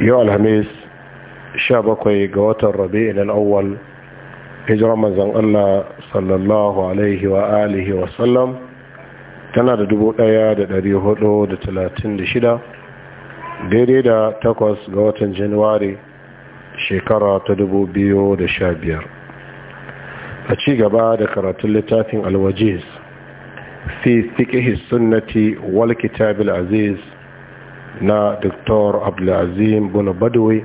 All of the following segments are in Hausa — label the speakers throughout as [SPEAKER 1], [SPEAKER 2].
[SPEAKER 1] yau alhamis sha bakwai ga watan rabi'in al'awwal hijirar manzan Allah sallallahu alaihi wa alihi ɗari tana da talatin da shida, daidai da takwas ga watan januwari shekara ta dubu biyu da sha biyar. a ci gaba da karatun littafin alwajiz fi fiƙihi sunnati wal kitabil aziz na Dr. Abdulazim Bono Badawai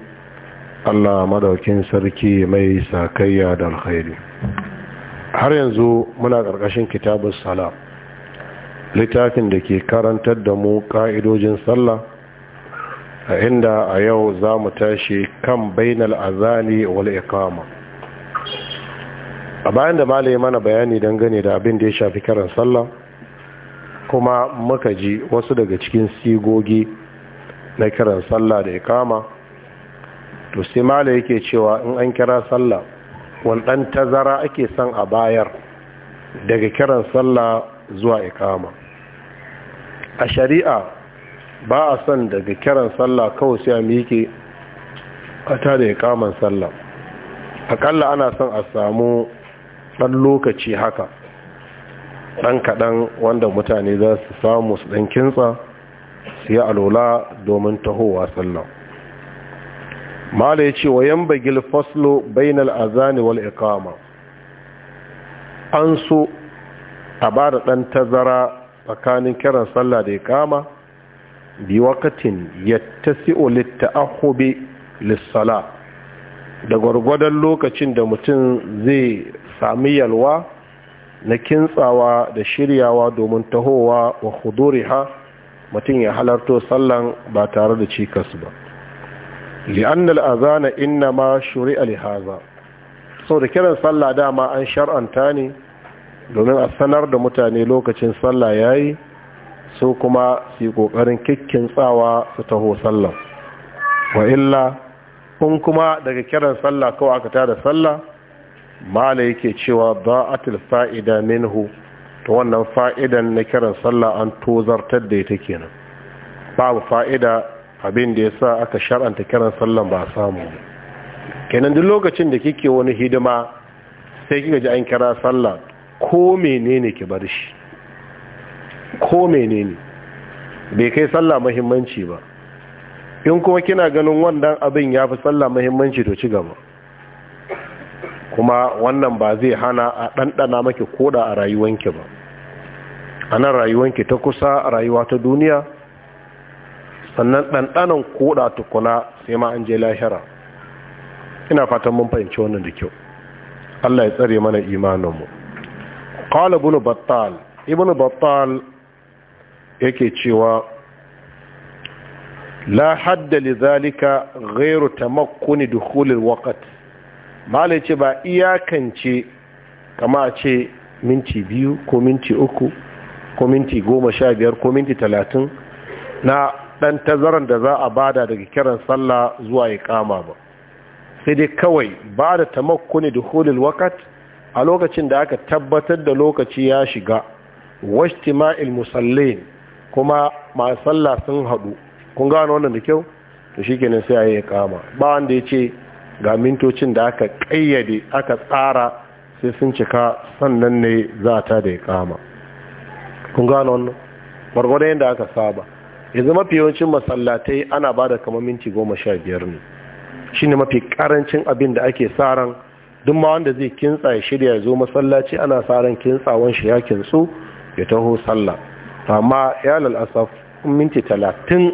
[SPEAKER 1] Allah madaukin sarki mai sakayya da alkhairi har yanzu muna ƙarƙashin kitabun sala littafin da ke karantar da mu ƙa'idojin sallah a inda a yau za mu tashi kan bainal azani wal ikama. a bayan da malaye mana bayani dangane da abin da ya shafi karan sallah kuma muka ji wasu daga cikin sigogi na kiran sallah da ikama to sai mala yake cewa in an kira sallah wandan tazara ake son a bayar daga kiran sallah zuwa ikama a shari'a ba a son daga kiran sallah kawai sai a miƙe a ta da ikaman sallah akalla ana son a samu ɗan lokaci haka ɗan kaɗan wanda mutane za su samu su ɗan kintsa sai alola domin tahowa sallah mala ya ce wa yan bagil faslo bainal azani wal ikama an so a ba da ɗan tazara tsakanin kiran sallah da ikama bi wakatin yattasi'u litta'ahubi lissala da gwargwadon lokacin da mutum zai sami yalwa na kintsawa da shiryawa domin tahowa wa huduriha mutum ya halarto sallan ba tare da cikas ba li'anna al'azana inna ma shuri'a lihaza sau da kiran sallah dama an shar'anta ne domin a sanar da mutane lokacin sallah yayi su kuma su kokarin kikkin tsawa su taho sallah wa illa kun kuma daga kiran sallah kawai aka tada sallah mala yake cewa ba'atul fa'ida minhu to wannan fa'idan na kiran sallah an tozartar da ita kenan babu fa'ida abin da ya sa aka shar'anta kiran sallah ba samu kenan duk lokacin da kike wani hidima sai kika ji an kira sallah ko menene ki bar shi ko menene bai kai sallah muhimmanci ba in kuma kina ganin wannan abin ya fi sallah muhimmanci to ci gaba kuma wannan ba zai hana a ɗanɗana maki koda a rayuwanki ba a nan rayuwanki ta kusa rayuwa ta duniya sannan ɗanɗanan koda tukuna sai ma an je lahira ina fatan mun fahimci wannan da kyau Allah ya tsare mana imaninmu ƙwala ibn battal ibn battal yake cewa la hadda li zalika ghairu tamakkuni dukhul alwaqt malai ce ba iyakance kama a ce minti biyu ko minti uku ko minti goma sha biyar ko talatin na ɗan tazaran da za a bada daga kiran sallah zuwa ya kama ba sai dai kawai ba da ne da hulil wakat a lokacin da aka tabbatar da lokaci ya shiga ma'il musallin kuma masu sallah sun haɗu kun gano wannan da kyau to kenan sai ya kama ba wanda ya ce ga mintocin da aka ƙayyade aka tsara sai sun cika sannan ne za ta da ya kama kun gano wannan gwargwadon yadda aka saba yanzu mafi yawancin masallatai ana ba da kamar minti goma sha biyar ne shi ne mafi karancin abin da ake sa ran duk ma wanda zai kintsa ya shirya ya zo masallaci ana sa ran kintsawan shi ya kintsu ya taho sallah amma ya lalasaf minti talatin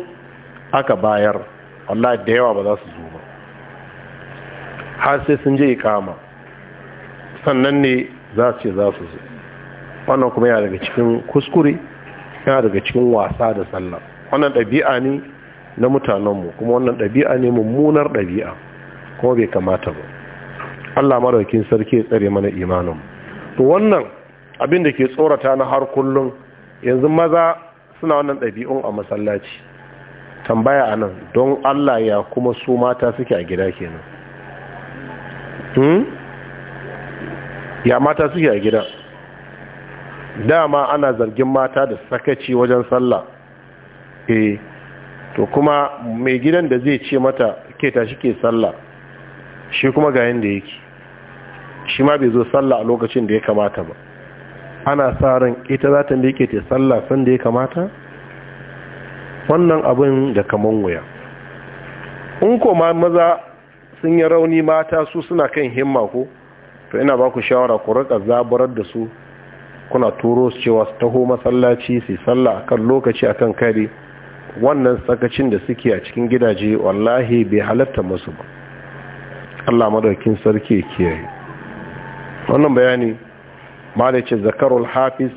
[SPEAKER 1] aka bayar Allah da yawa ba za su zo ba har sai sun je ikama sannan ne za su ce za su zo wannan kuma yana daga cikin kuskure yana daga cikin wasa da sallah wannan ɗabi'a ne na mutanenmu kuma wannan ɗabi'a ne mummunar ɗabi'a kuma bai kamata ba Allah maraukin sarki ya tsare mana imanin to wannan abin da ke tsorata na har kullum yanzu maza suna wannan ɗabi'un a masallaci tambaya a nan don Allah ya kuma su mata suke a gida kenan hmm? ya mata suke a gida dama ana zargin mata da sakaci wajen sallah e to kuma mai gidan da zai ce mata ke tashi ke sallah shi kuma ga yanda yake shi ma bai zo sallah a lokacin da ya kamata ba ana sa ran ita za ta miƙe ta sallah san da ya kamata wannan abin da kaman wuya in koma maza sun yi rauni mata su suna kan himma ko to ina ba ku shawara ku rika zabarar da su kuna turo su cewa su taho masallaci su sallah kan lokaci akan kari wannan sakacin da suke a cikin gidaje wallahi bai halatta musu ba Allah madaukin sarki ya kiyaye wannan bayani malice zakarul hafiz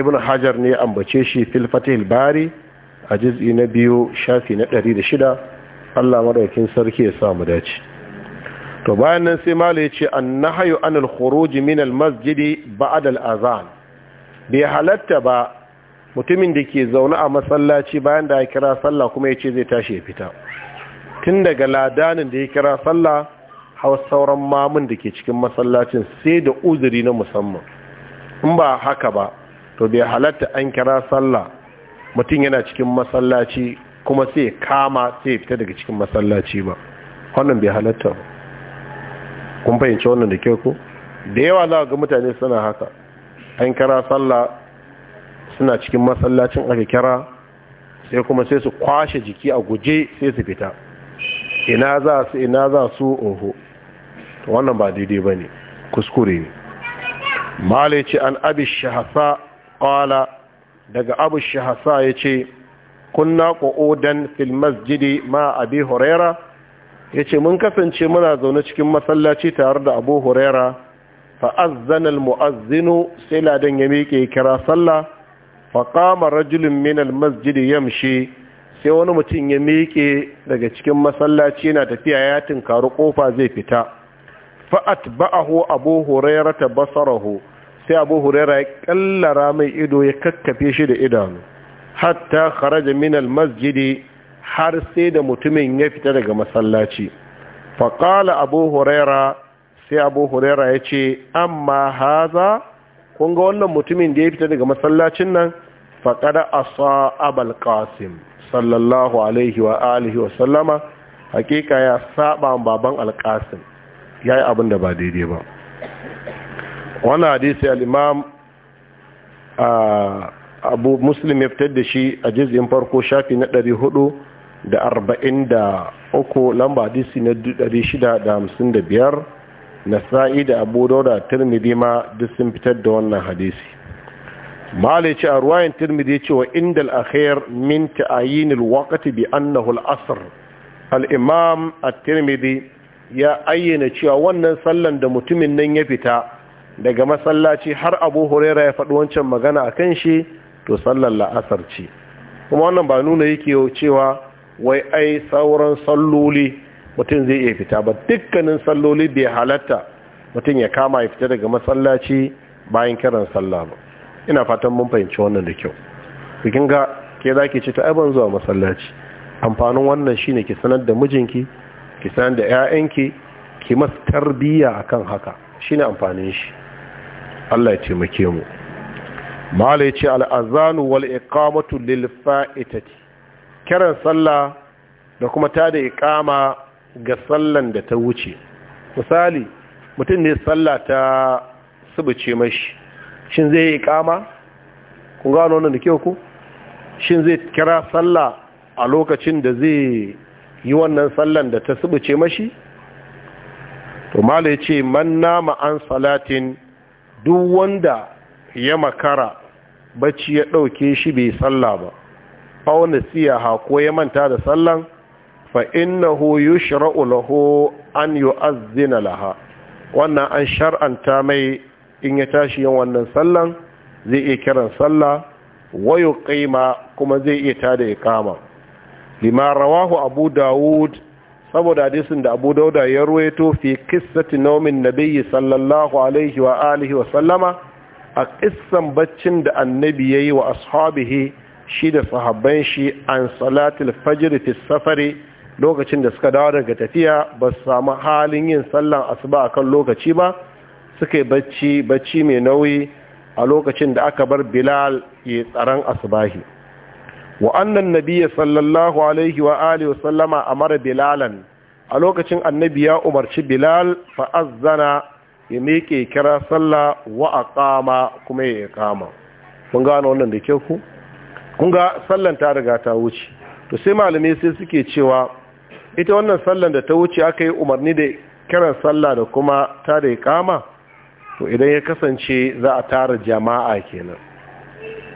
[SPEAKER 1] ibn hajar ne ambace shi fil fatihil bari a juz'i na biyu shafi na 106 Allah madaukin sarki ya sa mu dace to bayan nan sai malu ya ce an na hayo an alkhuruji min almasjidi ba'ad azan bai halatta ba mutumin da ke zaune a masallaci bayan da ya kira sallah kuma ya ce zai tashi ya fita tun daga ladanin da ya kira sallah hau sauran mamun da ke cikin masallacin sai da uzuri na musamman in ba haka ba to bai halatta an kira sallah mutum yana cikin masallaci kuma sai kama sai fita daga cikin masallaci ba wannan bai halatta ba kun fahimci wannan da kyau ko da yawa za ga mutane suna haka an kira sallah suna cikin masallacin aka kira sai kuma sai su kwashe jiki a guje sai su fita ina za su ina za su oho wannan ba daidai ba ne kuskure ne malici an abi shahasa kwala daga abu shahasa ya ce kunna odan fil masjidi ma abi horera? ya ce mun kasance muna zaune cikin masallaci tare da abu huraira fa'azzan al-mu'azzinu sai ladan ya miƙe kira sallah faƙamar rajulun min masjidi yamshi sai wani mutum ya miƙe daga cikin masallaci yana tafiya ya tinkari ƙofa zai fita fa'at ba'ahu abu huraira ta basarahu sai abu huraira ya ƙallara mai ido ya kakkafe shi da idanu hatta kharaja min masjidi har sai da mutumin ya fita daga masallaci faƙala abu huraira sai abu huraira ya ce amma haza kun ga wannan mutumin da ya fita daga masallacin nan faƙada asa abal qasim sallallahu alaihi wa alihi wa sallama hakika ya saba baban alƙasim ya yi abin da ba daidai ba wani hadisi al'imam ah, abu muslim ya fitar da shi a jizgin farko shafi na 400 da arba'in da uku lamba hadisi na dari shida da hamsin da biyar nasa'i da abu dauda turmidi ma duk sun fitar da wannan hadisi mali ce a ruwayan tirmidhi cewa inda al'akhir min ta'ayinil wakati bi annahu al'asr al-imam a ya ayyana cewa wannan sallan da mutumin nan ya fita daga masallaci har abu huraira ya faɗi wancan magana a kan shi to sallar la'asar ce kuma wannan ba nuna yake cewa wai ai sauran salloli mutum zai iya fita ba dukkanin salloli bai halatta mutum ya kama ya fita daga masallaci bayan kiran sallah ba ina fatan mun fahimci wannan da kyau bikin ga ke za ki ci ta aiban zuwa masallaci amfanin wannan shine ki sanar da mijinki ki sanar da 'ya'yanki ki masu tarbiyya akan haka shine amfanin shi Allah ya taimake mu mala yace al-azanu wal iqamatu lil fa'itati kiran sallah da kuma ta da ikama ga sallan da ta wuce misali mutum ne sallah ta subuce mashi shin zai yi ikama kun gano wannan da kyau ku shin zai kira sallah a lokacin da zai yi wannan sallan da ta subuce mashi to mala ya ce man nama an salatin duk wanda ya makara bacci ya ɗauke shi bai sallah ba aw nasiyaha ko ya manta da sallan fa innahu yushra'u lahu an yu'azzina laha wannan an shar'anta mai in ya tashi yin wannan sallan zai iya kiran salla wa yuqima kuma zai iya tada iqama lima rawahu abu Da'ud saboda hadisin da abu dauda ya ruwaito fi kissati nawmin nabiyyi sallallahu alaihi wa alihi wa sallama a kissan baccin da annabi yayi wa ashabihi shi da sahabban shi an salatul fajr fi safari lokacin da suka dawo daga tafiya ba su samu halin yin sallan asuba kan lokaci ba suka yi bacci bacci mai nauyi a lokacin da aka bar bilal ya tsaron asubahi wa annan nabiya sallallahu alaihi wa alihi wa sallama amara bilalan a lokacin annabi ya umarci bilal fa'azzana ya miƙe kira sallah wa aqama kuma ya kama? kun gano wannan da kyau ku kun ga sallan ta riga ta wuce to sai malamai sai suke cewa ita wannan sallan da ta wuce aka yi umarni da kiran sallah da kuma ta da kama to idan ya kasance za a tara jama'a kenan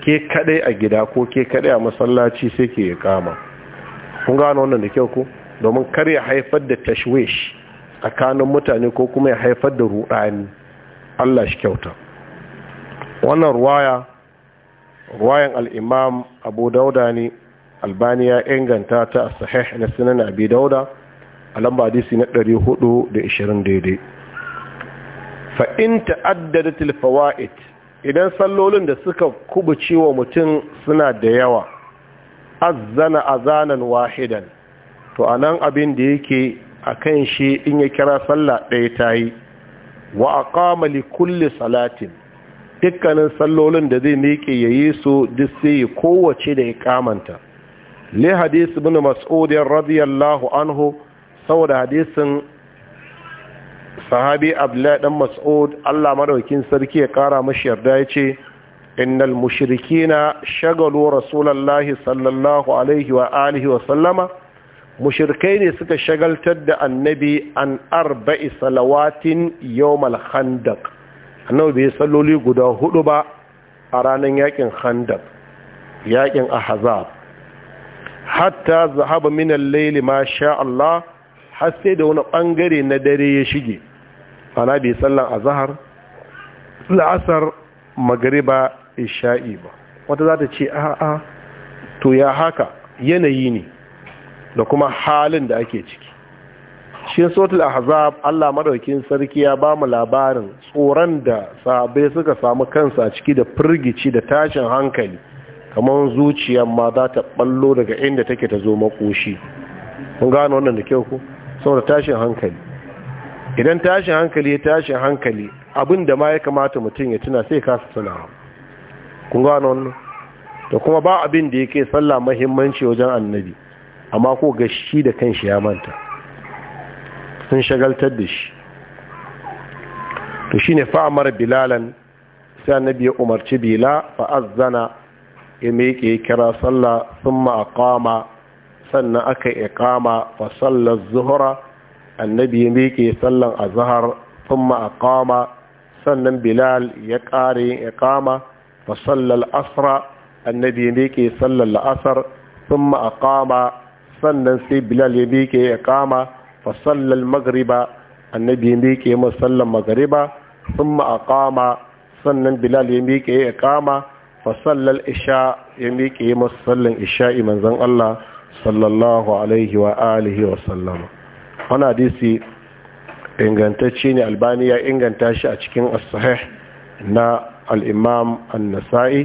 [SPEAKER 1] ke kadai a gida ko ke kadai a masallaci sai ke kama kun gano wannan da kyau ko domin kar ya haifar da tashwish tsakanin mutane ko kuma ya haifar da rudani Allah shi kyauta wannan ruwaya ruwayan al'imam abu dauda ne albani ya inganta ta a sahih na sinan abu dauda a lamba disi na 420 daidai fa'in ta'addada tilfawa’it idan sallolin da suka kubuce wa mutum suna da yawa azzana azanan wahidan to a nan abin da yake a kan shi in ya kira sallah ɗaya ta yi wa a kamali kulle salatin dukkanin sallolin da zai miƙe ya yi su duk sai kowace da ya kamanta. le hadis bin mas'ud radiyallahu anhu saboda hadisin sahabi abdullahi dan mas'ud Allah madaukin sarki ya kara mashi yarda yace innal na shagalu Rasulallah sallallahu alaihi wa alihi wa sallama mushirikai ne suka shagaltar da annabi an arba'i salawatin yau khandaq annabi bai salloli guda hudu ba a ranar yakin khandaq yakin ahzab hatta zahaba min al-layl ma sha Allah har sai da wani bangare na dare ya shige ana bai sallan azhar la'asar magriba isha'i ba wata za ta ce a'a to ya haka yanayi ne da kuma halin da ake ciki cikin sotul ahzab Allah madaukin sarki ya ba mu labarin tsoron da sahabbai suka samu kansa a ciki da firgici da tashin hankali kamar zuciyar ma za ta ballo daga inda take ta zo makoshi kun gano wannan da kyau ko saboda tashin hankali idan tashin hankali ya tashin hankali abin da ma ya kamata mutum ya tuna sai kasa tunawa kun gano wannan da kuma ba abin da yake sallah muhimmanci wajen annabi amma ko gashi da kanshi ya manta sun shagaltar da shi to shine fa'amar bilalan sai annabi ya umarci bila fa'azzana ya miƙe kira sallah thumma aqama sannan aka iqama fa sallar zuhra annabi ya miƙe sallan azhar thumma aqama sannan bilal ya ƙare iqama fa sallar asra annabi ya miƙe sallar la'asar thumma aqama sannan sai bilal ya miƙe iqama Fasallar magariba annabi ya miƙe ma sallan magriba sun aqama sannan bilal ya miƙe ya kama fa sallal isha ya miƙe ma sallan isha'i manzon Allah sallallahu alaihi wa alihi wa sallama wannan hadisi ingantacce ne albani ya inganta shi a cikin as na al-imam an-nasa'i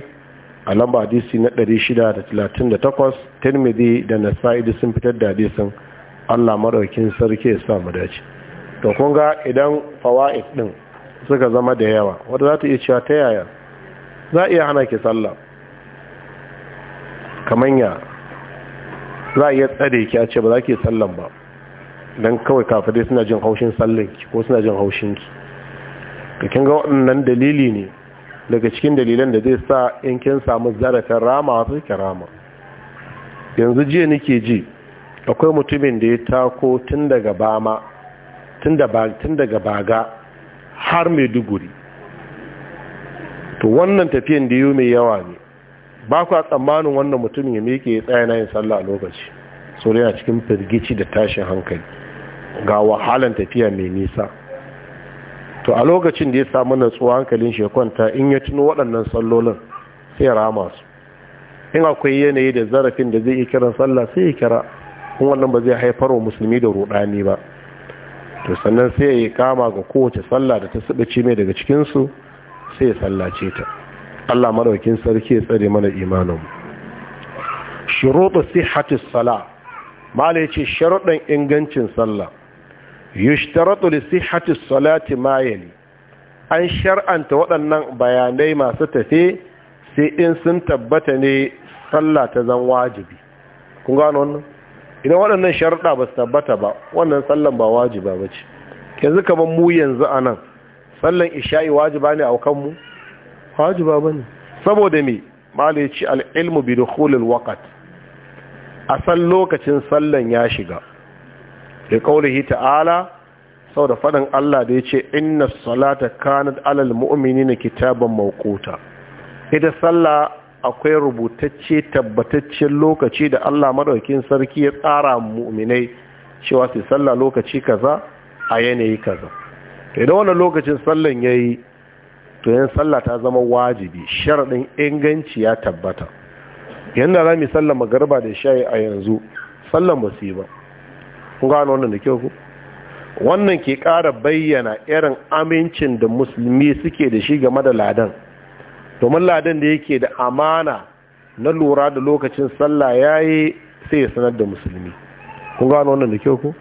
[SPEAKER 1] a lamba na 638 tirmidhi da nasa'i sun fitar da hadisin Allah maraukin sarki ya samu dace to kun idan fawaid din suka zama da yawa wanda za ta iya cewa ta yaya za iya hana ki sallah kamanya za iya tsare ki a ce ba za ki sallan ba don kawai kafirai suna jin haushin sallanki ko suna jin haushinki da kin ga waɗannan dalili ne daga cikin dalilan da zai sa in kin samu zarafin rama wasu ki rama yanzu jiya nake ji akwai mutumin da ya tako tun daga bama tun daga baga har maiduguri to wannan tafiyan da yi mai yawa ne ba ku a tsammanin wannan mutumin ya mike ya tsaye na yin sallah a lokaci so yana cikin firgici da tashin hankali ga wahalan tafiya mai nisa to a lokacin da ya samu natsuwa hankalin shekwanta in ya tuno waɗannan sallolin sai rama su in akwai yanayi da zarafin da zai yi kiran sallah sai ya kira kun wannan ba zai haifar wa musulmi da rudani ba to sannan sai ya kama ga kowace sallah da ta subuci mai daga cikinsu sai ya sallace ta Allah maraukin sarki ya tsare mana imanin shuruɗu sihhatis sala mala yace sharuɗan ingancin sallah yushtaratu li sihhatis salati ma yali an shar'anta waɗannan bayanai masu tafe sai in sun tabbata ne sallah ta zan wajibi kun gano wannan idan waɗannan sharaɗa ba su tabbata ba wannan sallan ba wajiba ba ce yanzu kamar mu yanzu a nan sallan isha'i wajiba ne a kanmu wajiba ba ne saboda me malici al'ilmu bi dukhulil wakat a san lokacin sallan ya shiga da hi ta'ala sau da faɗin Allah da ya ce inna salata kanat alal na kitabar mawquta ita sallah akwai rubutacce tabbataccen lokaci da Allah madaukin sarki ya tsara mu'minai cewa su sallah lokaci kaza a yanayi kaza to idan wannan lokacin sallan yayi to 'yan sallah ta zama wajibi sharadin inganci ya tabbata yanda za mu sallar magarba da shayi a yanzu sallan ba su yi ba kun gano wannan da kyau ku wannan ke ƙara bayyana irin amincin da musulmi suke da shi game da ladan to ladan da yake da amana na lura da lokacin sallah yayi sai ya sanar da musulmi kun gano wannan da kyau ko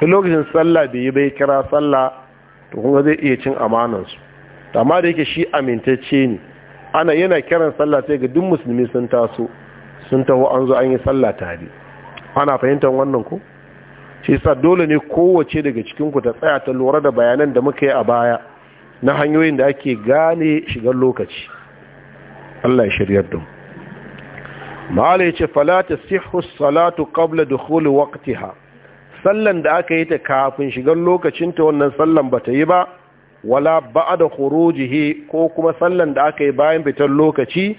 [SPEAKER 1] in lokacin sallah bai yi bai kira sallah to kun zai iya cin amanansu amma da yake shi amintacce ne ana yana kiran sallah sai ga duk musulmi sun taso sun taho an zo an yi sallah tare ana fahimtar wannan ko shi sa dole ne kowace daga cikin ku ta tsaya ta lura da bayanan da muka yi a baya na hanyoyin da ake gane shigar lokaci Allah ya shiryar da mala yace fala tasihhu salatu qabla dukhul waqtiha sallan da aka yi ta kafin shigar lokacin ta wannan sallan bata yi ba wala ba'da khurujihi ko kuma sallan da aka yi bayan fitar lokaci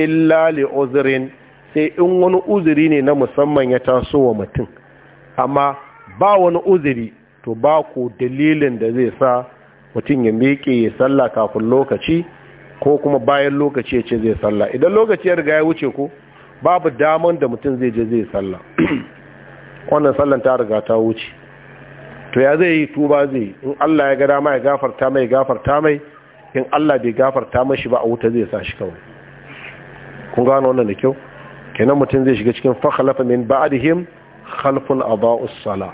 [SPEAKER 1] illa li uzrin sai in wani uzuri ne na musamman ya taso wa mutum amma ba wani uzuri to ba ku dalilin da zai sa mutum ya miƙe ya sallah kafin lokaci ko kuma bayan lokaci ya ce zai sallah idan lokaci ya riga ya wuce ko babu daman da mutum zai je zai sallah wannan sallan ta riga ta wuce to ya zai yi tuba zai in Allah ya ga dama ya gafarta mai gafarta mai in Allah bai gafarta mashi ba a wuta zai sa shi kawai kun gano wannan da kyau kenan mutum zai shiga cikin fakhlafa min ba'dihim khalfun aba'us sala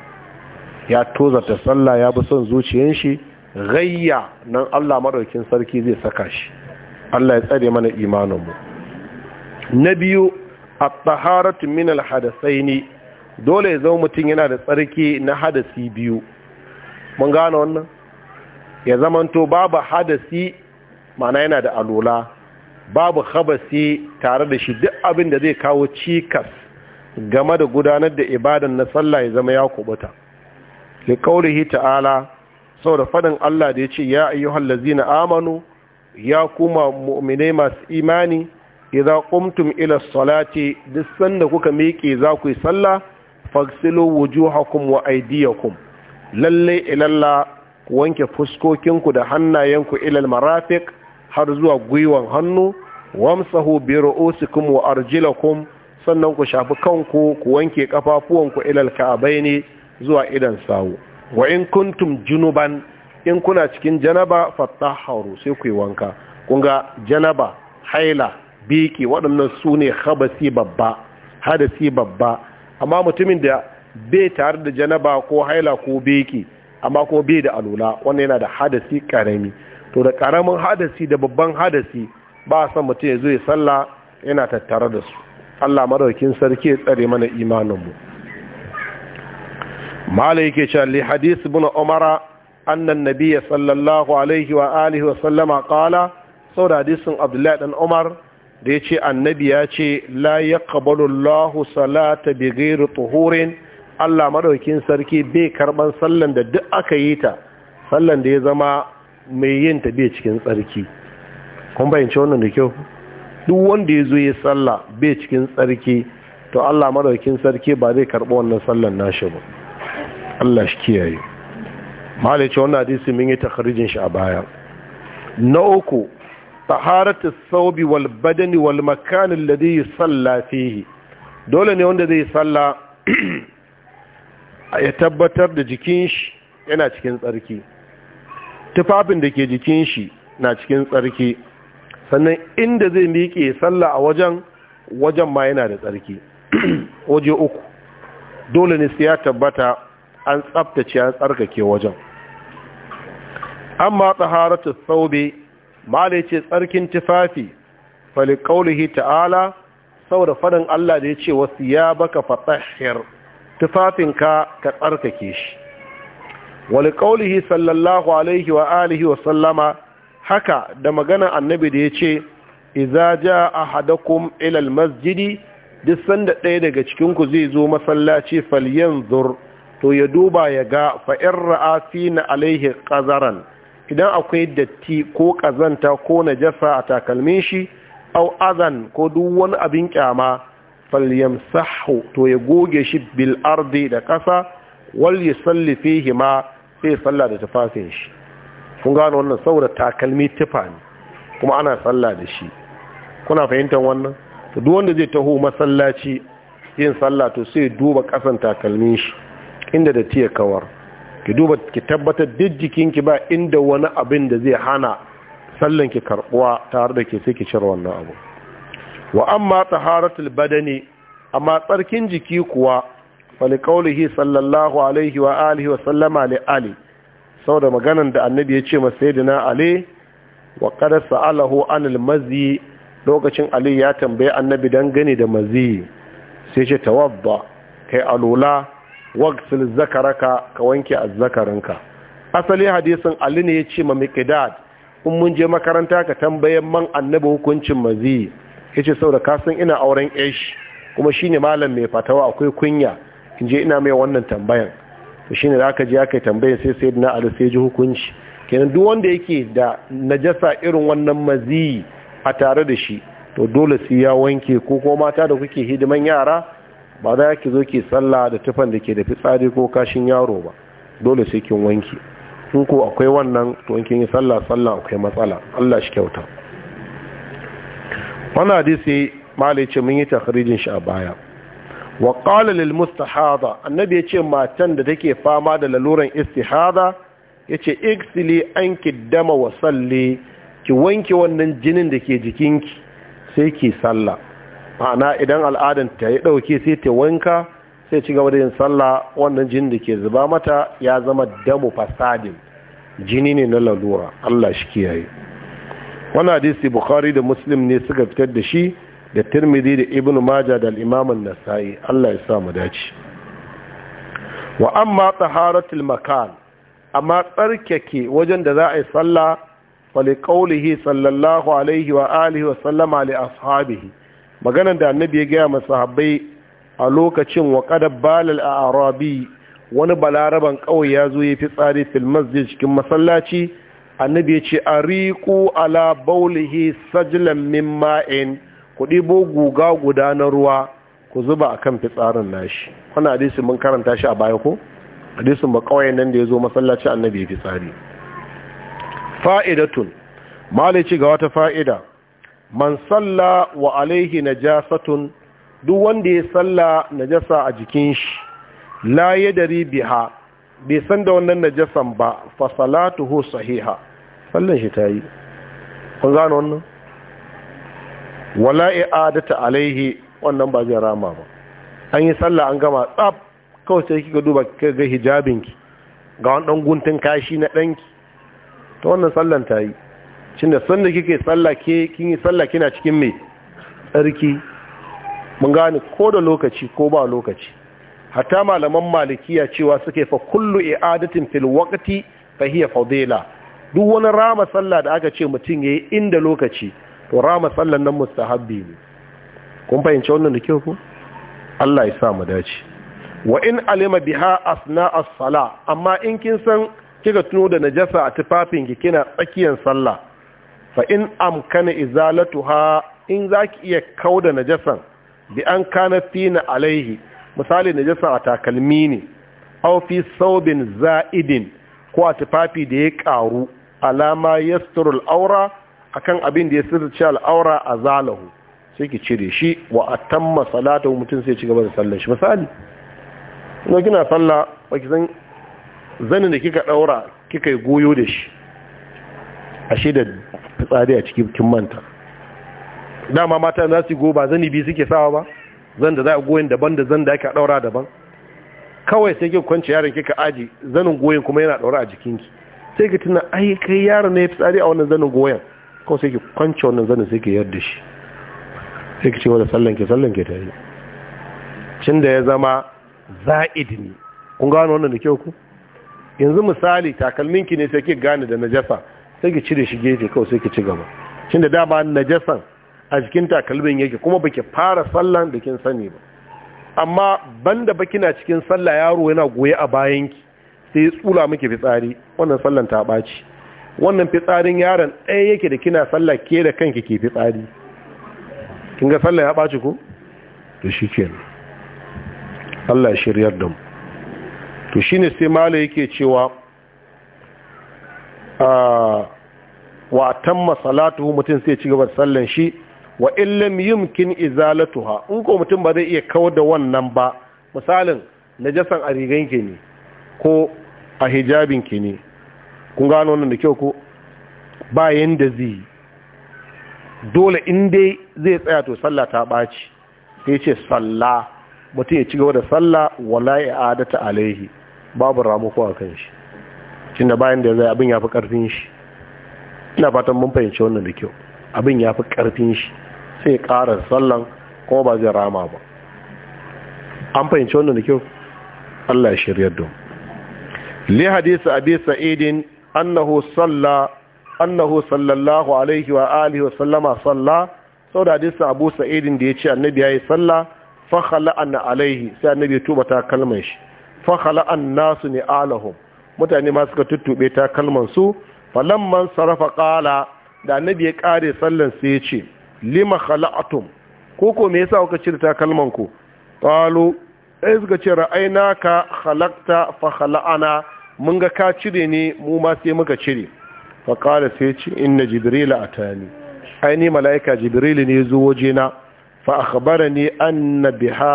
[SPEAKER 1] ya tozarta sallah ya bi son zuciyar shi gayya nan Allah madaukin sarki zai saka shi Allah ya tsare mana imaninmu na biyu a taharatu min al ne, dole ya zama mutum yana da tsarki na hadasi biyu mun gane wannan ya zamanto babu hadasi mana yana da alola babu habasi tare da shi duk abin da zai kawo cikas game da gudanar da ibadan na sallah ya zama ya kubuta li ta'ala saboda faɗin Allah da ya ce ya ayyuhallazi na amanu ya kuma mu'minai masu imani idza qumtum ila salati duk sanda kuka miƙe za ku yi sallah fagsilu wujuhakum wa aydiyakum lalle ilalla ku wanke fuskokinku da hannayenku ilal marafiq har zuwa gwiwar hannu wamsahu bi ru'usikum wa arjilakum sannan ku shafi kanku ku wanke kafafuwanku ilal ka'abaini zuwa idan sawu wa in kuntum junuban in kuna cikin janaba fattaharu sai ku yi wanka kunga janaba haila biki waɗannan su ne habasi babba hadasi babba amma mutumin da bai tare da janaba ko haila ko biki amma ko bai da alula wannan yana da hadasi karami to da karamin hadasi da babban hadasi ba san mutum ya zo ya salla, yana tattare da su Allah madaukin sarki ya tsare mana imaninmu mala yake cewa li hadisi buna umara annan Nabiya sallallahu alaihi wa alihi wa sallama qala saboda hadisin abdullahi dan umar da ya ce annabi ya ce la yaqbalu Allahu salata bi ghairi tuhurin Allah madaukin sarki bai karban sallan da duk aka yi ta sallan da ya zama mai yin ta bai cikin tsarki kun bayyance wannan da kyau duk wanda ya zo ya salla bai cikin sarki to Allah madaukin sarki ba zai karɓi wannan sallan nashi ba Allah shi kiyaye malice ce wannan hadisi mun yi takharijin shi a baya na uku taharatu sawbi wal badani wal makan alladhi yusalla fihi dole ne wanda zai salla ya tabbatar da jikin shi yana cikin tsarki tufafin da ke jikin shi na cikin tsarki sannan inda zai miƙe salla a wajen wajen ma yana da tsarki waje uku dole ne sai ya tabbata an tsaftace an tsarkake wajen amma taharatu Saube, malai ce tsarkin tufafi fali ta'ala saboda fadin Allah da yace baka fatahir tufafinka ka tsarkake shi wali qaulihi sallallahu alaihi wa alihi wa sallama haka da magana annabi da yace idza jaa ahadakum ilal masjidi, duk sanda ɗaya daga cikinku zai zo masallaci falyanzur to ya duba ya ga fa'in ra'afi na alaihi ƙazaran idan akwai datti ko ƙazanta ko najasa a takalmin shi au azan ko duk wani abin kyama falyamsahu to ya goge shi bil ardi da kasa wal yusalli fihi ma sai salla da tufafin shi kun gano wannan saboda takalmi tufa ne kuma ana salla da shi kuna fahimtar wannan to duk wanda zai taho masallaci yin salla to sai duba ƙasan takalmin shi inda datti ya kawar ki duba ki tabbatar duk jikinki ba inda wani abin da zai hana sallan ki karbuwa tare da ke sai ki cire wannan abu wa amma taharatul badani amma tsarkin jiki kuwa kaulihi sallallahu alaihi wa alihi wa sallama li ali saboda maganan da annabi ya ce ma sayyidina ali wa qad sa'alahu anil mazi lokacin ali ya tambaye annabi dangane da mazi sai ce tawadda kai alula waqsil zakaraka ka wanke azzakarinka asali hadisin ali ne ya ce ma miqdad in mun je makaranta ka tambayen man annabi hukuncin mazi yace saboda ka san ina auren ish kuma shine malam mai fatawa akwai kunya in je ina mai wannan tambayan to shine da aka je aka yi tambayan sai sayyidina ali sai ji hukunci kenan duk wanda yake da najasa irin wannan mazi a tare da shi to dole sai ya wanke ko kuma mata da kuke hidiman yara ba za ki zo ki sallah da tufan da ke da fitsari ko kashin yaro ba dole sai kin wanki in ko akwai wannan to in kin yi sallah sallah akwai matsala Allah shi kyauta wannan hadisi malai ce mun yi takhrijin shi a baya wa qala lil mustahada annabi yace matan da take fama da laluran istihada yace iksili anki dama wa salli ki wanke wannan jinin da ke jikinki sai ki sallah ma'ana idan al'adan ta yi ɗauke sai ta wanka sai ci gaba da yin sallah wannan jin da ke zuba mata ya zama damu fasadin jini ne na lalura Allah shi kiyaye wannan hadisi bukhari da muslim ne suka fitar da shi da tirmidhi da ibn maja da al-imam an-nasa'i Allah ya sa mu dace wa amma taharatul makan amma tsarkake wajen da za a yi sallah wa liqaulihi sallallahu alaihi wa alihi wa sallama li ashabihi maganan da annabi ya gaya masa sahabbai a lokacin wa qad balal arabi wani balaraban kawai ya zo ya fi tsari fil cikin masallaci annabi ya ce ariqu ala baulihi sajilan min ma'in ku ɗibo guga guda na ruwa ku zuba a kan fitsarin nashi wani hadisi mun karanta shi a baya ko hadisin ba kawai nan da ya zo masallaci annabi ya fitsari fa'idatun malici ga wata fa'ida man salla wa alaihi najasatun duk wanda ya salla najasa a jikin shi la yadari biha bai san da wannan najasan ba fa salatuhu sahiha sallan shi tayi kun gano wannan wala i'adatu alaihi wannan ba zai rama ba an yi salla an gama tsaf kawai sai kika duba kika ga hijabinki ga wani guntun kashi na danki to wannan sallan tayi cin da sanda kike tsallake kin yi tsallake na cikin mai tsarki mun gane ko da lokaci ko ba lokaci hatta malaman malikiya cewa suke fa kullu i'adatin fil waqti fa hiya fadila duk wani rama sallah da aka ce mutum yayi inda lokaci to rama sallan nan mustahabbi ne kun fahimci wannan da kyau ko Allah ya sa mu dace wa in alima biha asna as-sala amma in kin san kika tuno da najasa a tufafin ki kina tsakiyar sallah fa in amkana izalatuha in zaki iya kauda najasan bi an kana fina alaihi misali najasan a takalmi ne aw fi saubin za'idin ko a tufafi da ya karu alama yasturul aura akan abin da ya sirce al'aura a zalahu sai ki cire shi wa atamma salatu mutum sai ci gaba da sallar shi misali ina kina salla baki san zanin da kika daura kika yi goyo da shi ashe da fitsari a cikin kin manta dama mata za su goba zani ibi suke sawa ba zan da za a goyen daban da zan da aka daura daban kawai sai ki kwanci yaron kika aji zanin goyen kuma yana daura a jikinki sai ka tuna ai kai yaron ne fitsari a wannan zanin goyen kawai sai ki kwanci wannan zanin sai ke yarda shi sai ki ce wani sallan ke sallan ke tare cin da ya zama za'id ne kun gano wannan da kyau ku yanzu misali takalminki ne sai ke gane da najasa sai ki cire shi gefe kawai sai ki ci gaba shin da dama najasan a jikin takalmin yake kuma baki fara sallan da kin sani ba amma banda ba kina cikin sallah yaro yana goye a bayan ki sai ya tsula miki fitsari wannan sallan ta baci wannan fitsarin yaron ɗaya yake da kina sallah ke da kanki ke fitsari kin ga sallah ya baci ko to shikenan Allah ya shiryar da mu to shine sai malai yake cewa wa tamma salatuhu mutum sai ci gaba da sallan shi wa illam yumkin izalatuha in ko mutum ba zai iya kawar da wannan ba misalin najasan a rigan ke ne ko a hijabin ke ne kun gano wannan da kyau ko ba yanda zai dole in dai zai tsaya to sallah ta baci sai ce sallah mutum ya ci gaba da sallah wala ya adata alaihi babu ramuko a kan shi tunda bayan da zai abin ya fi ƙarfin shi ina fatan mun fahimci wannan da kyau abin ya fi ƙarfin shi sai ya ƙara sallan kuma ba zai rama ba an fahimci wannan da kyau Allah ya shirya don. li hadisi abi sa'idin annahu salla annahu sallallahu alaihi wa alihi wa sallama salla sau da hadisi abu sa'idin da ya ce annabi ya yi salla fa khala'an alaihi sai annabi ya tuba ta kalmar shi fa khala'an nasu ni alahum mutane ma suka tuttube takalman kalman su falamman sarrafa qala da annabi ya kare sallan sai ya ce lima khala'atum ko ko me yasa kuka cire ta kalman ku qalu ai suka ce ra'ainaka khalaqta fa khala'ana mun ga ka cire ne mu ma sai muka cire fa qala sai ya ce inna jibril atani ai ni mala'ika jibril ne zo waje na fa akhbarani anna biha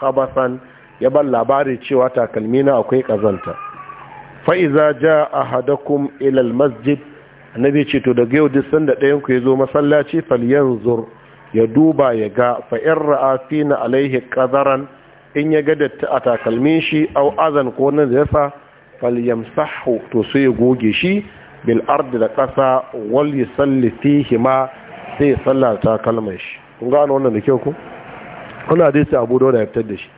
[SPEAKER 1] khabasan ya ban labari cewa takalmina akwai kazanta fa'iza ja a hadakun ilal masjid na bai ce to daga yau disan da ɗayan ku ya zo masallaci falyanzur ya duba ya ga fa'in ra'afi na alaihi ƙazaran in ya ga datti a takalmin shi au azan ko nan da yasa sahu to su ya goge shi bil ardi da ƙasa wal yi fihi ma sai sallar takalmin shi kun gano wannan da kyau ku kuna abu ya fitar da shi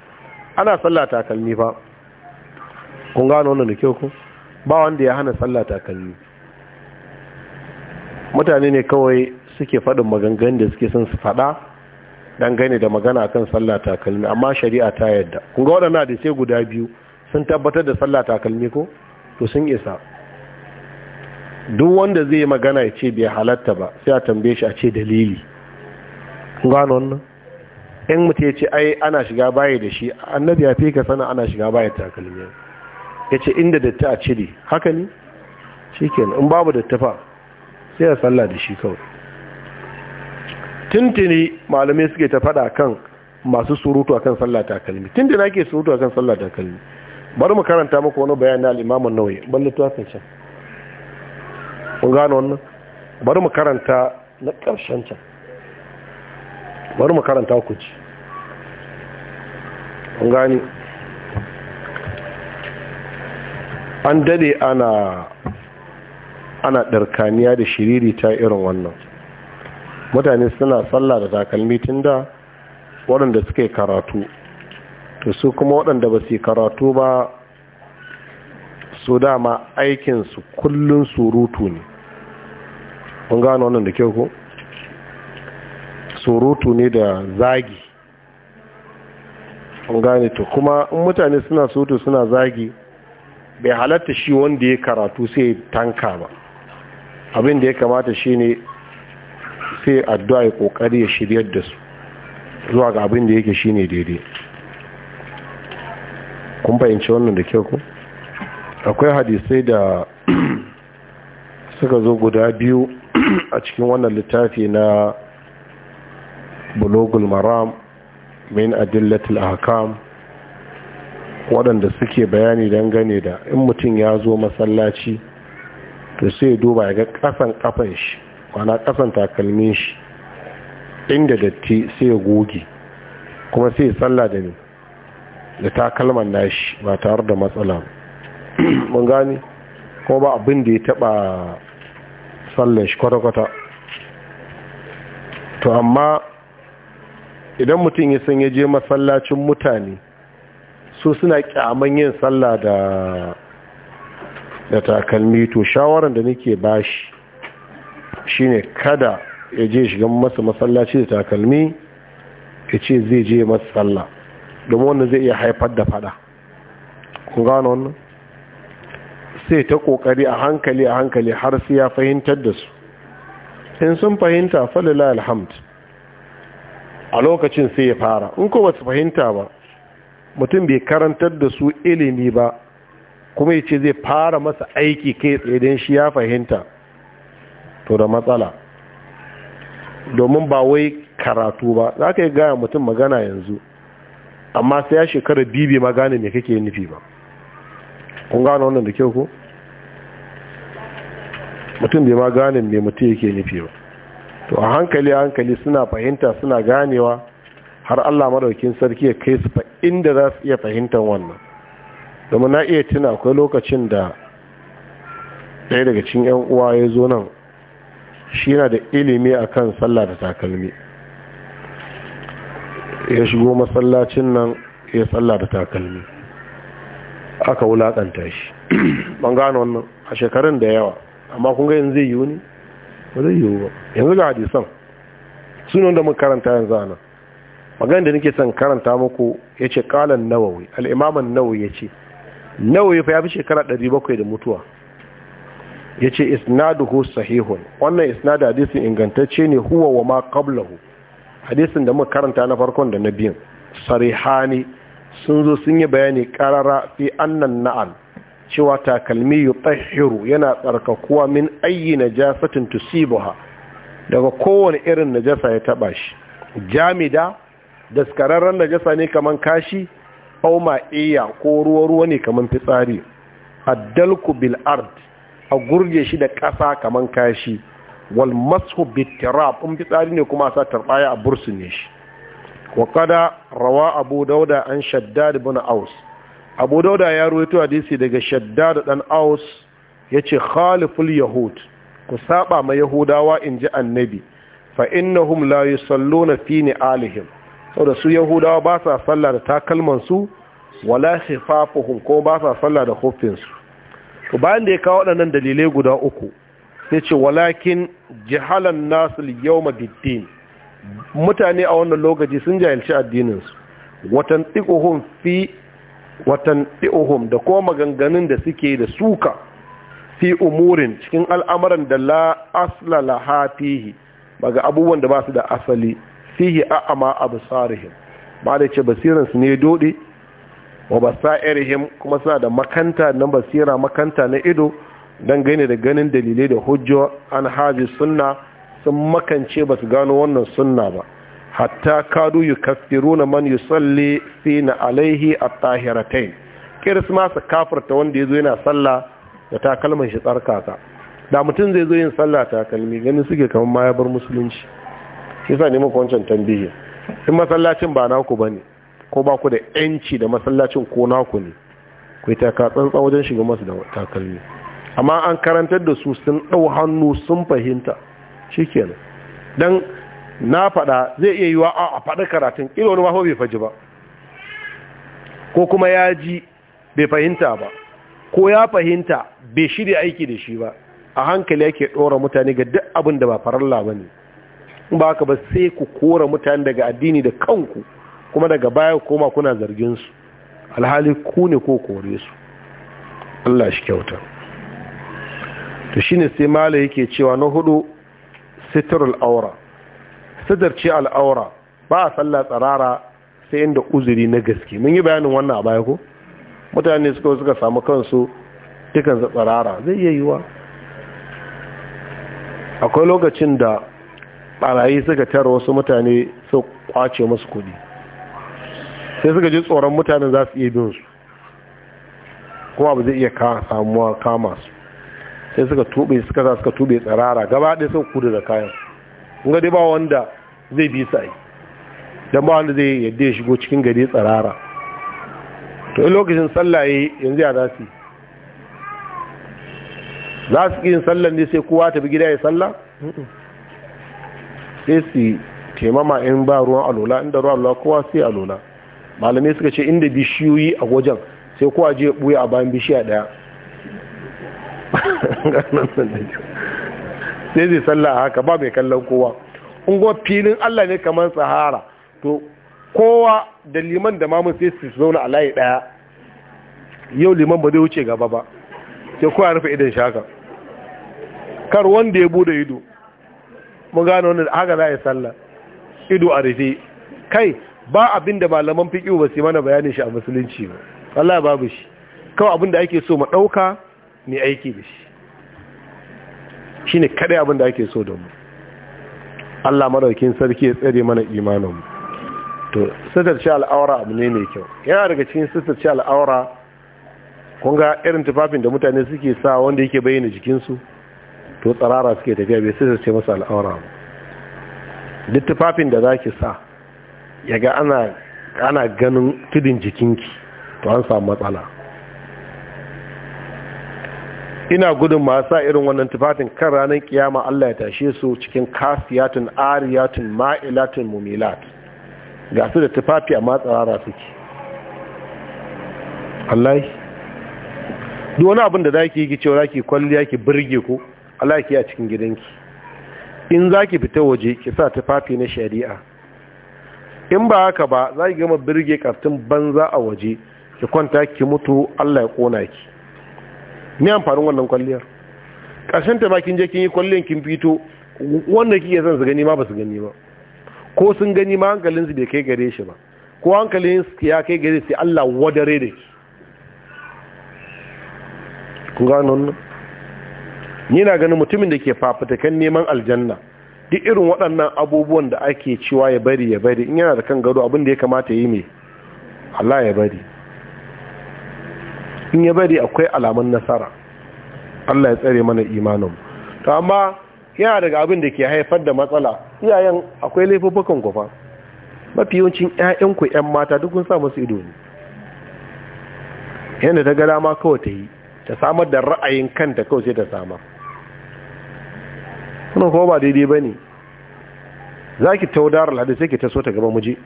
[SPEAKER 1] ana salla takalmi fa kun gano wannan da kyau ku ba wanda ya hana sallah takalmi mutane ne kawai suke faɗin maganganun da suke son su faɗa gane da magana akan sallah takalmi amma shari'a ta yadda kun ga waɗannan da sai guda biyu sun tabbatar da sallah takalmi ko to sun isa duk wanda zai magana ya ce bai halatta ba sai a tambaye shi a ce dalili kun gano wannan in mutum ya ce ai ana shiga baya da shi annabi ya fi ka sana ana shiga baya takalmi ya ce inda datta a cire haka ne shi in babu fa sai a tsalla da shi kawai tuntuni malamai suke ta fada kan masu surutu akan sallah takalmi tuntuna ke surutu akan sallah takalmi bari mu karanta muku wani bayani al'imamun nauyi balle tuwasan can kun gano wannan bari mu karanta na ƙarshen can bari mu karanta ku ci kun gani an dade ana ana ɗarkaniya da shiriri ta irin wannan mutane suna sallah da takalmi tun da waɗanda suka yi karatu to su kuma waɗanda ba su yi karatu ba su dama aikinsu kullum surutu ne kun gano wannan da kyau ko surutu ne da zagi kun gane to kuma mutane suna surutu suna zagi bai halatta shi wanda ya karatu sai tanka ba abin da ya kamata shine sai addu'a ya kokari ya shirya da su zuwa ga abin da yake shine daidai kun fahimci wannan da kyau ku? akwai hadisai da suka zo guda biyu a cikin wannan littafi na bulogul maram min adillatul ahkam waɗanda suke bayani dangane da in mutum ya zo masallaci to sai duba ga ƙasan ƙafan shi wana ƙasan takalmin shi inda datti sai ya goge kuma sai ya tsalla da ni da takalman nashi ba tare da matsala mun gani kuma ba abin da ya taɓa tsallan shi kwata-kwata to amma idan mutum ya san ya je masallacin mutane su suna kyaman yin sallah da takalmi to shawaran da nake bashi shine kada ya je shiga masu masallaci da takalmi ya ce zai je masa sallah domin wanda zai iya haifar da fada kun gano wannan sai ta kokari a hankali a hankali har sai ya fahimtar da su in sun fahimta falila alhamd a lokacin sai ya fara in ko ba su fahimta ba mutum bai karantar da su ilimi ba kuma ya ce zai fara masa aiki kai tsaye don shi ya fahimta to da matsala domin ba wai karatu ba za ka yi gaya mutum magana yanzu amma sai ya shekara bibi magana mai kake nufi ba kun gano wannan da kyau ko mutum bai ma gane mai mutum yake nufi ba to a hankali a hankali suna fahimta suna ganewa har Allah madaukin sarki ya kai su fa inda za su iya fahimtar wannan domin na iya tuna akwai lokacin da ɗaya daga cikin yan uwa ya zo nan shi yana da ilimi akan sallah da takalmi ya shigo masallacin nan ya sallah da takalmi aka wulakanta shi ban gano wannan a shekarun da yawa amma kun ga yanzu zai yiwu ne ba zai yiwu ba yanzu ga hadisan sunan da muka karanta yanzu a nan magana da nake son karanta muku ya ce kalan nawawi al'imaman nawawi ya ce nawawi fa ya fi shekara 700 da mutuwa ya ce isnaduhu sahihun wannan isnadu hadisin ingantacce ne huwa wa ma qablahu hadisin da muka karanta na farkon da na biyun sarihani sun zo sun yi bayani karara fi annan na'al cewa takalmi yutahhiru yana tsarkakuwa min ayyi najasatin tusibaha daga kowane irin najasa ya taba shi jamida daskararren najasa ne kaman kashi aw iya ko ruwa ruwa ne kaman fitsari addalku bil ard a gurje shi da ƙasa kaman kashi wal masu bitirab in fitsari ne kuma sa tarbaya a ne shi wa kada rawa abu dauda an shadda da bana aus abu dauda ya ruwaito hadisi daga shadda da dan aus ya ce khaliful yahud ku saba ma yahudawa in ji annabi fa innahum la yusalluna fi ni Alihim. saboda su yahudawa ba sa sallah da takalmansu wala shifafuhum ko ba sa tsalla da hufinsu to bayan da ya kawo waɗannan dalilai guda uku sai ce walakin jihalan nasu yau biddin mutane a wannan lokaci sun jahilci addininsu watan ɗi'uhun da ko maganganun da suke da suka fi umurin cikin al'amuran da la asla ba ga abubuwan da ba su da asali fihi a'ama absarihim da ce basiran su ne dode wa basairihim kuma suna da makanta na basira makanta na ido dan gane da ganin dalilai da hujjo an haji sunna sun makance ba su gano wannan sunna ba hatta kadu yukaffiruna man yusalli fi na alaihi at-tahiratain kirisma su kafirta wanda yazo yana sallah da takalman shi tsarkaka da mutum zai zo yin sallah takalmi ganin suke kamar ma ya bar musulunci shi sa neman wancan tambihi in masallacin ba naku ba ne ko ba ku da yanci da masallacin ko naku ne ku yi taka tsantsan wajen shiga masu da takalmi amma an karantar da su sun ɗau hannu sun fahimta shi kenan don na faɗa zai iya yiwa a faɗi karatun ilo wani maho bai faji ba ko kuma ya ji bai fahimta ba ko ya fahimta bai shirya aiki da shi ba a hankali yake ɗora mutane ga duk abin da ba faralla ba in ba haka ba sai ku kora mutane daga addini da kanku kuma daga baya koma kuna zargin su alhali ku ne ko kore su Allah shi kyauta to shine sai mala yake cewa na hudu sitrul aura al al'aura ba a sallah tsarara sai inda uzuri na gaske mun yi bayanin wannan a baya ko mutane suka suka samu kansu dukan tsarara zai iya yiwa akwai lokacin da barayi suka tara wasu mutane su kwace musu kudi sai suka ji tsoron mutanen za su iya bin su kuma ba zai iya samuwa kama su sai suka tube suka za suka tube tsirara gaba ɗaya suka kudu da kayan ga dai ba wanda zai bi su yi don ba wanda zai yadda ya shigo cikin gari tsirara to in lokacin sallaye yanzu ya za su za su yin sallan ne sai kowa ta bi gida ya sallah sai su taimama in ba ruwan alola inda ruwan alola kowa sai alola malamai suka ce inda bishiyoyi a wajen sai kowa je buya a bayan bishiya daya sai zai salla haka ba mai kallon kowa unguwar filin allah ne kamar sahara to kowa da liman da mamun sai su zauna a layi daya yau liman ba zai wuce gaba ba sai kowa rufe idan shaka kar wanda ya bude ido Mu gano da haka za a yi sallah ido a rufe kai ba abin da malaman fiƙiyu ba su mana bayanin shi a musulunci ba Allah babu shi kawai abin da ake so mu ɗauka mai aiki da shi shi ne kaɗai abin da ake so da mu Allah maraukin sarki ya tsere mana imanin mu to shi al'aura abu ne mai kyau yana daga cikin shi al'aura kun ga irin tufafin da mutane suke sa wanda yake bayyana jikinsu to tsarara suke tafiya bai sai su ce masa al'aura ba duk tufafin da ki sa ya ga ana ganin tudin jikinki to an samu matsala ina gudun ma sa irin wannan tufafin kan ranar kiyama Allah ya tashe su cikin kasiyatun ariyatun ma'ilatun mumilat ga su da tufafi amma tsarara suke Allah duk wani abin da za ki yi ki cewa zaki kwalliya ki birge ko Allah a cikin gidanki in za ki fita waje ki sa tufafi na shari'a in ba haka ba za ki gama birge kaftin banza a waje ki kwanta ki mutu Allah ya ƙona ki ni amfanin wannan kwalliyar ƙarshen ta makin je kin yi kwalliyar kin fito wanda kike zan su gani ma ba su gani ba ko sun gani ma hankalin su bai kai gare shi ba ko hankalin su ya kai gare su Allah wadare da ki kun gano wannan ni na ganin mutumin da ke kan neman aljanna duk irin waɗannan abubuwan da ake cewa ya bari ya bari in yana da kan gado abin da ya kamata yi mai Allah ya bari in ya bari akwai alamun nasara Allah ya tsare mana imanin to amma yana daga abin da ke haifar da matsala iyayen akwai laifuffukan ku fa mafi yawancin ƴaƴanku ƴan mata duk kun sa musu ido ne yanda ta ga dama kawai ta yi ta samar da ra'ayin kanta kawai sai ta samar suna kuma ba daidai ba ne za ki taudar alhadi sai ki taso ta gaba muje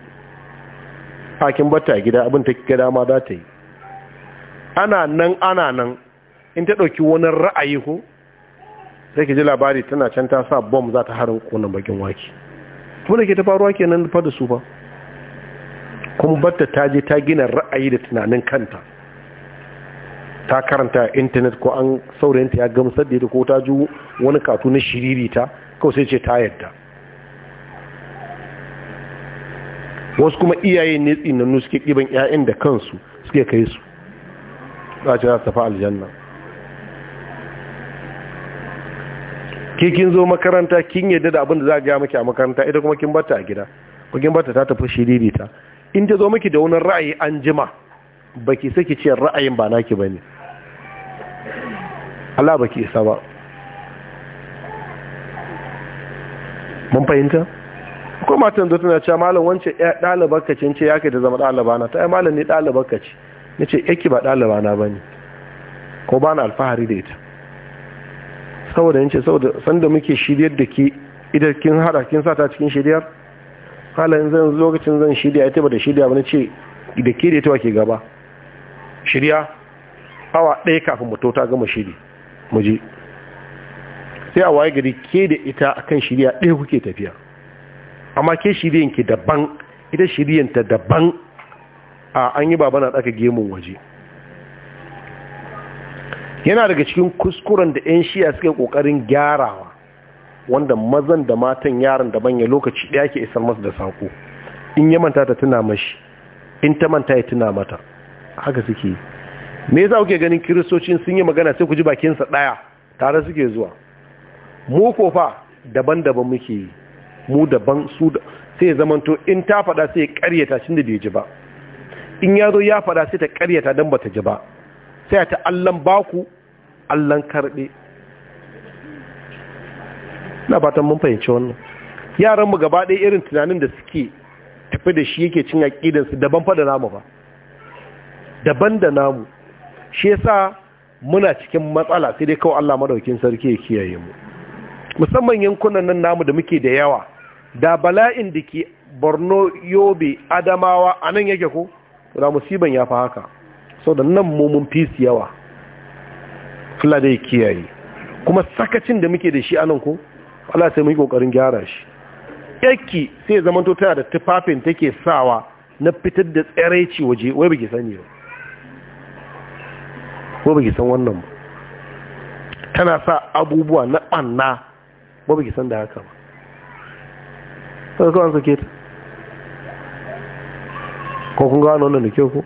[SPEAKER 1] hakin batta a gida abin ta kika dama za ta yi ana nan ana nan in ta ɗauki wani ra'ayi ko sai ki ji labari tana can ta sa bom za ta harin kunan bakin waki Kuma da ke ta faruwa kenan fa da su ba kuma batta ta je ta gina ra'ayi da tunanin kanta ta karanta intanet ko an saurayinta ya gamsar da ita ko ta ji wani katu na shiririta kawai sai ce ta yadda wasu kuma iyaye ne tsinannu suke ɗiban 'ya'yan da kansu suke kai su za ce za su tafi aljanna ke kin zo makaranta kin yadda da abin da za a gaya maki a makaranta ita kuma kin bata a gida ko kin bata ta tafi shiririta in ta zo maki da wani ra'ayi an jima baki saki ce ra'ayin ba naki bane Allah ba ke isa ba mun fahimta ko matan da tana cewa malam wance ɗalibar ka ce ya kai ta zama ɗaliba na ta ai malam ne ɗalibar ka ce ya ce yake ba ɗaliba na bane ko ba na alfahari da ita saboda yace saboda sanda muke shiryar da ke idan kin hada kin sa ta cikin shiryar in zan lokacin zan shirya ita ba da shirya ba na ce da ke da ita wa ke gaba shirya awa ɗaya kafin mutu ta gama shiri muje sai a waye gari ke da ita kan shirya ɗaya kuke tafiya amma ke shiryan ki daban ita shiryan ta daban a an yi babana tsaka gemun waje yana daga cikin kuskuren da 'yan shiya suke ƙoƙarin gyarawa wanda mazan da matan yaran da manya lokaci ɗaya ke isar masu da sako in ya manta ta tuna mashi in ta manta ya tuna mata haka suke yi me yasa kuke ganin kiristocin sun yi magana sai ku ji bakinsa ɗaya tare suke zuwa mu kofa daban-daban muke yi mu daban su da sai zamanto in ta faɗa sai ya ƙaryata shi da bai ji ba in ya zo ya faɗa sai ta ƙaryata don ba ta ji ba sai ta allan baku allan karɓe na ta mun fahimci wannan yaran mu gaba ɗaya irin tunanin da suke tafi da shi yake cin aƙidansu daban fa da namu ba daban da namu shi yasa muna cikin matsala sai dai kawai Allah madaukin sarki ya kiyaye mu musamman yankunan nan namu da muke da yawa da bala'in da ke Borno Yobe Adamawa anan yake ko da musiban ya fa haka so da nan mu mun fi yawa Allah dai kiyaye kuma sakacin da muke da shi anan ko Allah sai mu yi kokarin gyara shi yakki sai zamanto tana da tufafin take sawa na fitar da tsareci waje wai bige sani ba ko ba san wannan ba tana sa abubuwa na ɓanna ba ba san da haka ba sai kawai sake ta ko kun gano wannan da ke ku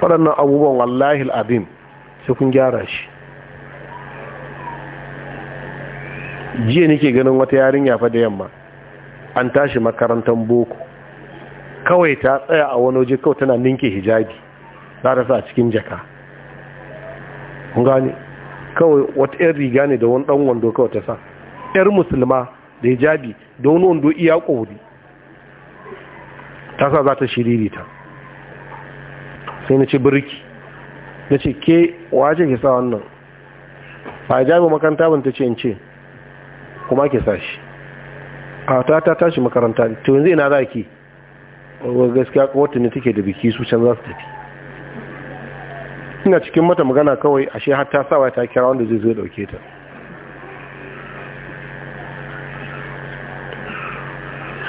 [SPEAKER 1] waɗannan abubuwan wallahi al'adim sai kun gyara shi jiya nake ganin wata yarinya fa da yamma an tashi makarantar boko kawai ta tsaya a wani waje kawai tana ninke hijabi za ta sa cikin jaka gani kawai wata 'yan riga ne da wani ɗan wando kawai ta sa 'yar musulma da hijabi da wani wando iya ƙori ta sa za ta shiririta sai na ce birki na ce ke wace ke sa wannan a hijabi makaranta ban ta ce in ce kuma ke sa shi a ta ta tashi makaranta to yanzu ina za ki gaskiya kawata ne take da biki su can za su tafi ina cikin mata magana kawai ashe har ta sawa ta kira wanda zai zo dauke ta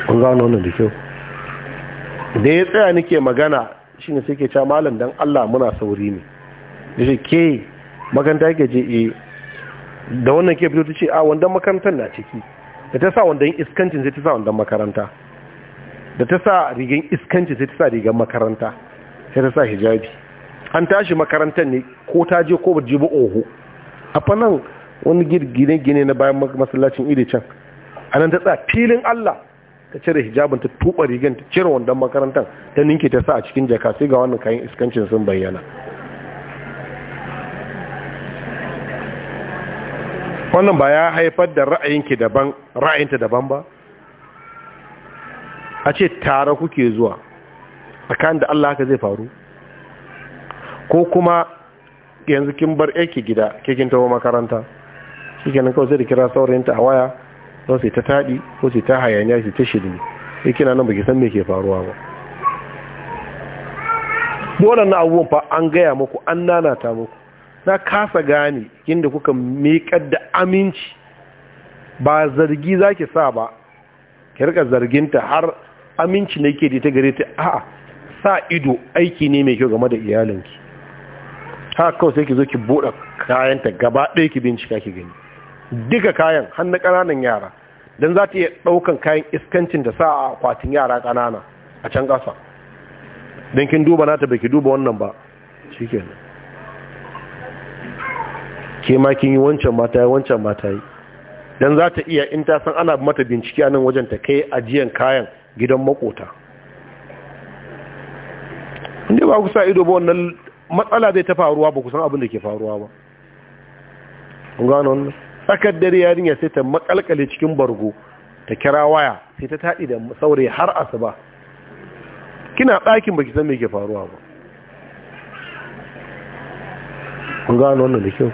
[SPEAKER 1] kun gano wannan da kyau da ya tsaya nake magana ne sai ke ca malam don Allah muna sauri ne da shi ke maganta yake je eh da wannan ke fito ta ce a wandan makarantar na ciki da ta sa wandan iskancin sai ta sa wandan makaranta da ta sa rigan iskancin sai ta sa rigan makaranta sai ta sa hijabi an tashi makarantar ne ko ta je ko ba jibi ba oho a fannan wani gine-gine na bayan masallacin iri can a nan ta tsaya filin Allah ta cire hijabin ta tuba rigan ta cire wandon makarantar ta ninke ta sa a cikin jaka sai ga wannan kayan iskancin sun bayyana wannan ba ya haifar da ra'ayinki daban ra'ayinta daban ba a ce tare kuke zuwa tsakanin da Allah haka zai faru ko kuma yanzu kin bar yake gida kikin taho makaranta shi nan kawai zai da kira saurayinta a waya don sai ta taɗi ko sai ta hayaniya sai ta shirme sai kina nan baki san me ke faruwa ba na abubuwan fa an gaya muku an nanata muku na kasa gane inda kuka miƙar da aminci ba zargi za ki sa ba ki rika zarginta har aminci na ke da gare ta a'a sa ido aiki ne mai kyau game da iyalinki haka kawai sai ki zo ki buɗe kayanta gaba ɗaya ki bincika ki gani duka kayan har na ƙananan yara don za ta iya ɗaukan kayan iskancin da sa a akwatin yara ƙanana a can ƙasa don kin duba nata bai ki duba wannan ba shi kenan ke ma kin yi wancan mata yi wancan mata yi don za ta iya in ta san ana mata bincike a nan wajen ta kai ajiyan kayan gidan makota inda ba kusa ido ba wannan matsala zai ta faruwa ba kusan abin da ke faruwa ba kun gano wannan tsakar dare yarinya sai ta makalkale cikin bargo ta kira waya sai ta taɗi da saurayi har asuba kina ɗakin baki san me ke faruwa ba kun gano wannan da kyau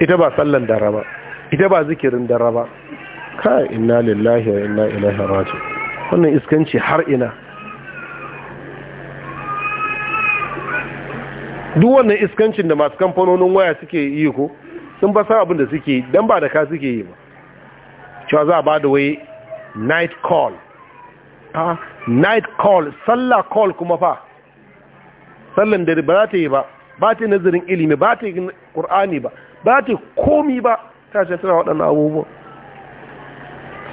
[SPEAKER 1] ita ba sallan dare ba ita ba zikirin dare ba ka inna lillahi wa inna ilaihi raji'un wannan iskanci har ina duk wannan iskancin da masu kamfanonin waya suke yi ko sun ba sa abin da suke yi ba da ka suke yi ba cewa za a ba da wai night call ha night call sallah call kuma fa sallan dare ba za ta yi ba ba ta yi nazarin ilimi ba ta yi ƙur'ani ba ba ta yi komi ba ta ce tana waɗannan abubuwa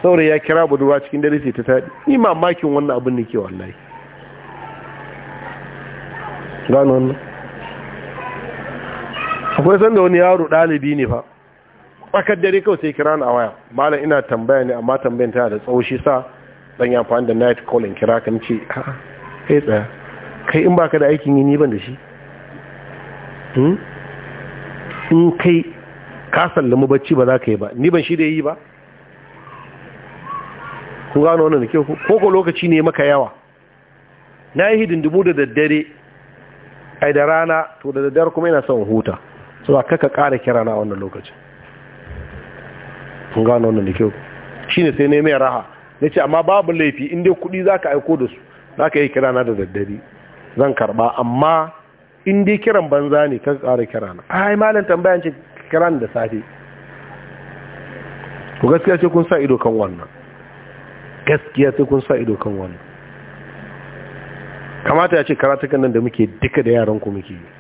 [SPEAKER 1] saurayi ya kira budurwa cikin dare sai ta taɗi ni mamakin wannan abin da ke wallahi gano wannan akwai sanda wani yaro ɗalibi ne fa tsakar dare kawai sai kira na a waya malam ina tambaya ne amma tambayin tana da tsawoshi sa dan yi amfani da night call in kira kan ce a kai tsaya kai in baka da aikin yi ni ban da shi hmm? in kai ka sallama bacci ba za ka yi ba ni ban shi da yi ba ku gano wannan da ke ku ko lokaci ne maka yawa na yi hidindimu da daddare ai da rana to da daddare kuma ina son huta so kaka kara kira na wannan lokacin kun gano wannan da kyau shi ne sai ne mai raha na ce amma babu laifi inda kuɗi za ka aiko da su za ka yi kira na da daddare zan karɓa amma in dai kiran banza ne kaka kara kira na ai malin tambayan ce kiran da safe ku gaskiya sai kun sa ido kan wannan gaskiya sai kun sa ido kan wannan kamata ya ce karatukan nan da muke duka da yaran ku muke yi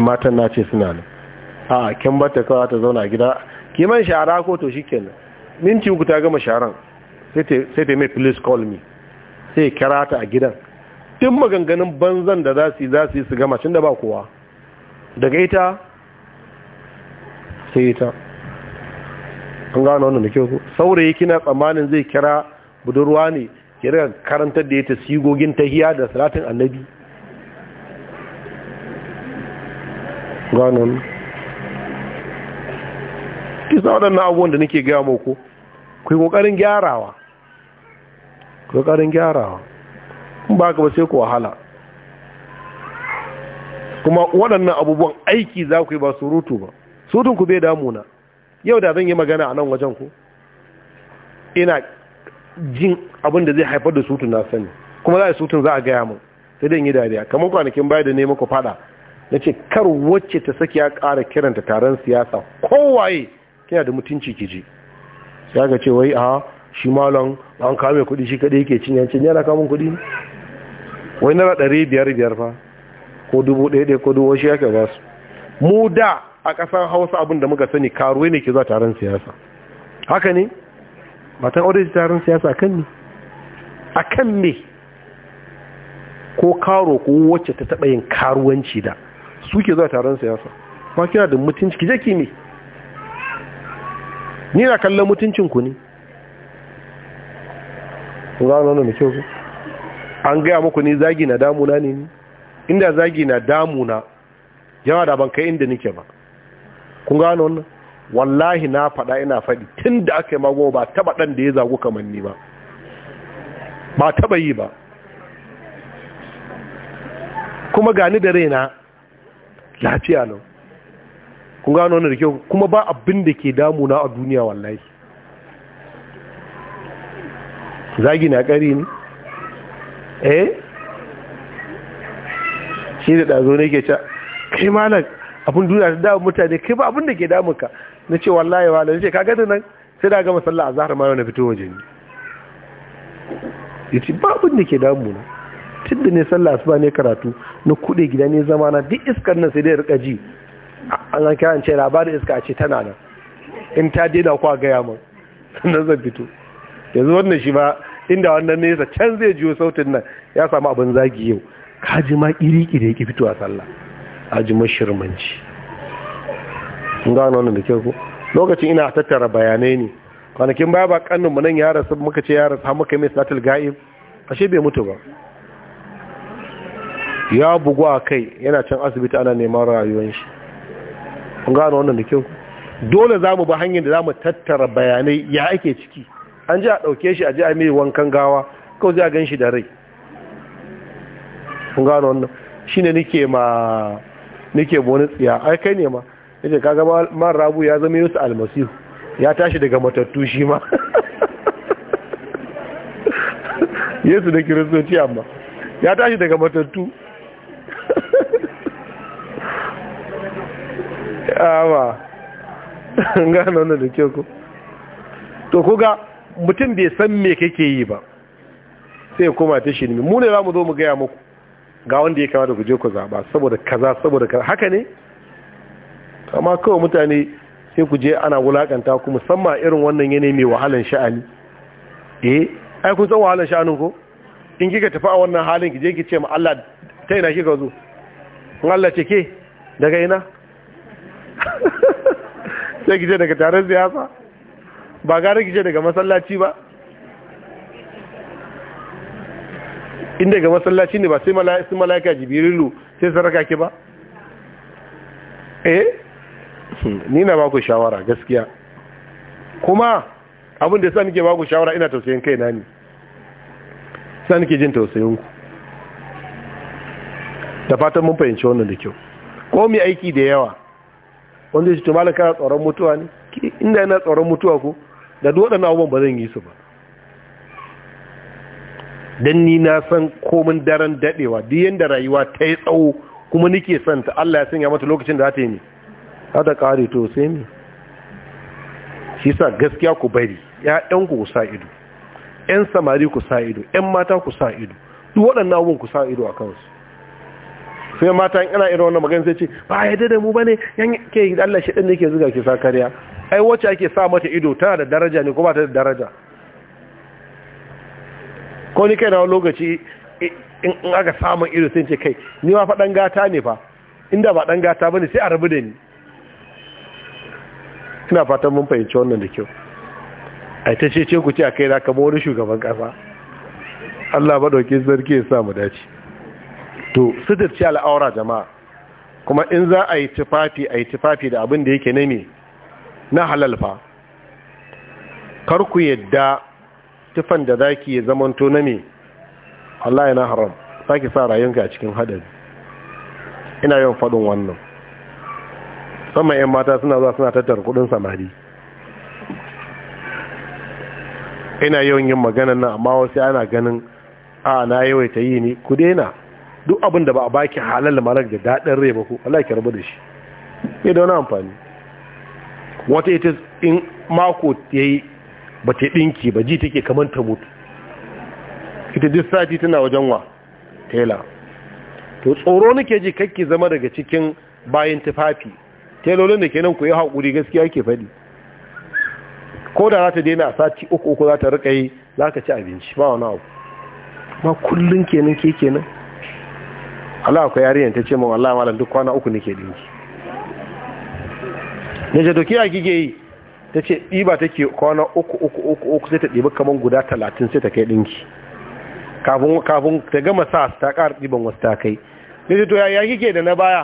[SPEAKER 1] matan na ce suna ne a ba ta kawo ta zauna gida kiman shara ko to kenan, minti uku ta gama sharan sai ta mai please call me sai kira ta a gidan Tun maganganun banzan da za su yi za su yi su gama cin da ba kowa daga ita sai ita an gano wannan da kyau ku saurayi kina tsammanin zai kira budurwa ne kira karantar da ya ta sigogin tahiya da salatin annabi ganin kisa waɗannan abubuwan da nake gaya muku ku yi ƙoƙarin gyarawa ƙoƙarin gyarawa in ba ka ba sai ku wahala kuma waɗannan abubuwan aiki za ku yi ba surutu ba sutun ku bai damuna yau da zan yi magana a nan wajen ku ina jin abin da zai haifar da surutun na sani kuma za a surutun za a gaya mu sai dai yi dariya kamar kwanakin baya da ne muku fada na ce kar wacce ta saki ya ƙara kiranta taron siyasa kowaye kina da mutunci kiji Ya ga ce wai a shi malon an kame kuɗi shi kaɗai yake cin yancin yana kamun kuɗi ne wai nara ɗari biyar biyar fa ko dubu ɗaya ɗaya ko dubu shi yake basu mu da a ƙasar hausa abin da muka sani karuwa ne ke zuwa taron siyasa haka ne matan aure taron siyasa kan ne a kan ko karo ko wacce ta taɓa yin karuwanci da suke zuwa taron siyasa ba kina da mutunci ki je ki ne ni na kallon mutuncin ku ne gano nan ne kyau an gaya muku ni zagi na damuna ne inda zagi na damuna yawa da ban kai inda nike ba kun gano nan wallahi na faɗa ina faɗi tun da aka yi mago ba taɓa ɗan da ya zagu kamar ni ba ba taɓa yi ba kuma gani da raina lafiya lau kun gano wani rikin kuma ba abin da ke damuna a duniya wallahi zagi na kari ne eh shi da ɗazo ne ke ca kai malam abin duniya ta damu mutane kai ba abin da ke damuka na ce wallahi wa ce ka gani nan sai da gama sallah a zahar ma na fito waje ne ya ce ba abin da ke damuna tun da ne sallah asuba ne karatu na kuɗe gida ne zama na duk iskar nan sai dai rika ji an an kiran ce labarin iska a ce tana nan in ta daina kwa gaya min sannan zan fito yanzu wannan shi ba inda wannan nesa can zai jiyo sautin nan ya samu abin zagi yau kaji ma iri kiri ki fito a sallah a ji mashirmanci sun gano wannan da kyau ko lokacin ina tattara bayanai ne kwanakin baya ba mu nan ya rasu muka ce ya rasu har muka mai satil ga'ib ashe bai mutu ba ya bugu a kai yana can asibiti ana neman rayuwar shi kun gano wannan da kyau dole za mu ba hanyar da za mu tattara bayanai ya ake ciki an ji a ɗauke shi a ji a mai wankan gawa kawai zai gan shi da rai kun gano wannan shi ne nike ma nike wani tsiya ai kai ne ma yace kaga man rabu ya zama yusu almasihu ya tashi daga matattu shi ma yesu da kiristoci amma ya tashi daga matattu awa gano wannan da kyau ku to kuga mutum bai san me kake yi ba sai kuma ta ne mu ne za mu zo mu gaya muku ga wanda ya kamata ku je ku zaba saboda kaza saboda kaza haka ne amma kawai mutane sai ku je ana wulakanta ku musamman irin wannan yanayi mai wahalan sha'ani eh ai kun san wahalan sha'anin ko in kika tafi a wannan halin ki je ki ce ma Allah ta ina kika zo in Allah ce ke daga ina sai kije daga taron siyasa ba gare kije daga masallaci ba in daga masallaci ne ba sai mala'ika jibirilu sai saraka ki ba eh ni na baku shawara gaskiya kuma abin da sa nake baku shawara ina tausayin kai na ne sa nake jin tausayin ku da fatan mun fahimci wannan da kyau ko mu aiki da yawa wanda ya ce to kana tsoron mutuwa ne inda yana tsoron mutuwa ko da duk waɗannan abubuwan ba zan yi su ba dan ni na san komin daren daɗewa, duk yadda rayuwa ta yi tsawo kuma nake son ta Allah ya sanya mata lokacin da za ta yi ne za ta kare to sai me shi sa gaskiya ku bari ƴaƴan ku sa ido ƴan samari ku sa ido ƴan mata ku sa ido duk waɗannan abubuwan ku sa ido a kansu sai mata in ana irin wannan magana sai ce ba ya da mu bane yan ke Allah shi dan yake zuga ke sa kariya ai wacce ake sa mata ido tana da daraja ne ko ba ta da daraja ko ni kai na lokaci in aka samun ido sai ce kai ni ma fa dan gata ne fa inda ba dan gata bane sai a rabu da ni ina fatan mun fahimci wannan da kyau ai ta ce ce ku ce a kai na kamar wani shugaban kasa Allah madaukin sarki ya sa mu dace to ce al'aura jama'a kuma in za a yi tufafi a yi tufafi da abin da yake na ne na halal fa kar ku yadda tufan da za ki zamanto na me Allah na haram ki sa rayunka a cikin hadari ina yin faɗin wannan sama yan mata suna zuwa suna tattara kudin samari ina yawan yin maganan nan amma wasu ana ganin a na ta yi ne ku daina duk abin da ba a baki halal malak da daɗin rai ba ko Allah ya rabu da shi me da wani amfani wata ita in mako ta yi ba ta ɗinki ba ji take kamar ta mutu ita duk sati tana wajen wa tela to tsoro nake ji kakki zama daga cikin bayan tufafi telolin da kenan ku yi haƙuri gaskiya ke faɗi ko da za ta daina a sati uku uku za ta rika yi za ka ci abinci ba wani abu ba kullum kenan ke kenan Allah akwai yarinyar ta ce min wallahi malam duk kwana uku nake dinki ne je doki a gige yi ta ce ɗiba take kwana uku uku uku uku sai ta ɗiba kaman guda talatin sai ta kai dinki kafin kafin ta gama sa ta kar ɗiban wasu ta kai ne je to ya kike da na baya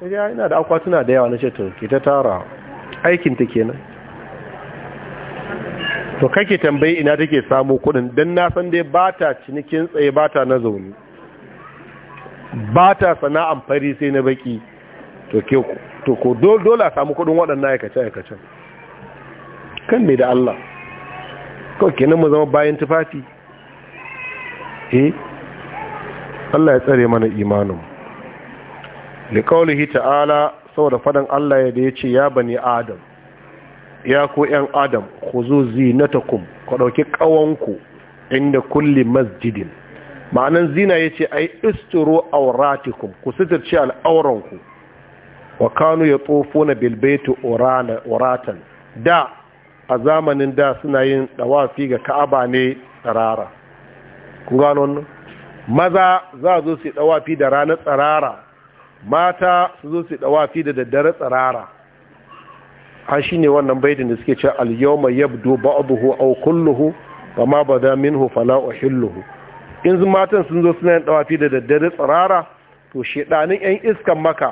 [SPEAKER 1] ta ce ina da akwatuna da yawa na ce to ke ta tara aikin ta kenan to kake tambayi ina take samu kuɗin don na san dai bata cinikin tsaye bata na zaune ba ta sana'an fari sai na baki to ke to ko dole a samu kudin waɗannan aikace aikacen kan ne da Allah kawai kenan mu zama bayan tufafi eh Allah ya tsare mana imanin liqaulihi ta'ala saboda fadan Allah ya da yace ya bani adam ya ku yan adam khuzu zinatakum ku dauki kawanku inda kulli masjidin ma'anan zina ya ce ai isturo auratikum ku sitarci al'auranku wa kanu ya tsofo na bilbaitu oratan da a zamanin da suna yin dawafi ga ka'aba ne tsarara kun gano wannan maza za zo su dawafi da ranar tsarara mata su zo su dawafi da daddare tsarara an shine wannan baidin da suke ce al-yawma yabdu ba'dahu aw kulluhu kama bada minhu fala uhilluhu yanzu matan sun zo suna yin dawafi da daddare tsirara to shedanin yan iskan maka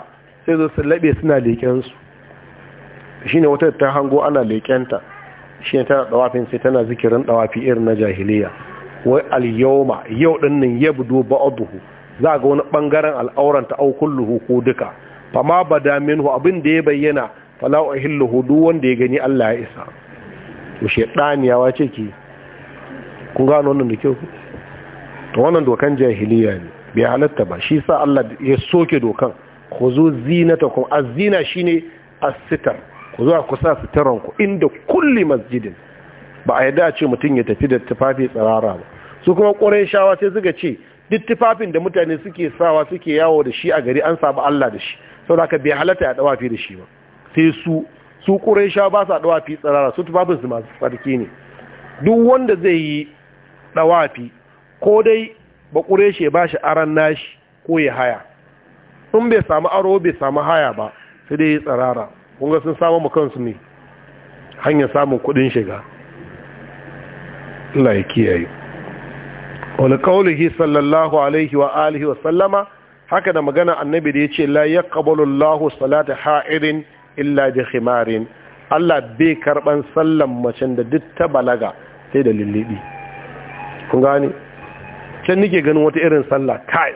[SPEAKER 1] sai zo su labe suna leƙensu shi ne wata ta hango ana leƙenta shi ne tana dawafin sai tana zikirin ɗawafi irin na jahiliya wai al-yawma yau din nan ya budo ba'aduhu za ga wani ɓangaren al'auran ta aukulluhu ko duka fama ba minhu abin da ya bayyana fala uhilluhu duk wanda ya gani Allah ya isa to ya wace ki kun gano wannan da kyau to wannan dokan jahiliya ne bai halatta ba shi sa Allah ya soke dokan ku zo zinata ku zina shine as-sitar ku zo ku sa sitaran ku inda kulli masjidin ba a yadda a ce mutum ya tafi da tufafi tsirara ba su kuma shawa sai suka ce duk tufafin da mutane suke sawa suke yawo da shi a gari an saba Allah da shi saboda ka bai halatta ya dawa fi da shi ba sai su su ƙuraisha ba sa fi tsirara su tufafin su masu tsarki ne duk wanda zai yi dawafi ko dai bakure shi ba shi aran nashi ko ya haya in bai samu aro bai samu haya ba sai dai ya tsarara, kunga sun samu mu ne hanyar samun kudin shiga Allah ya kiyaye wani kaulihi sallallahu alaihi wa alihi wa sallama haka da magana annabi da ya ce la ya lahu salata ha'irin illa da khimarin Allah bai karban sallan macen da duk ta balaga sai da lullubi kun gani can nike ganin wata irin sallah kai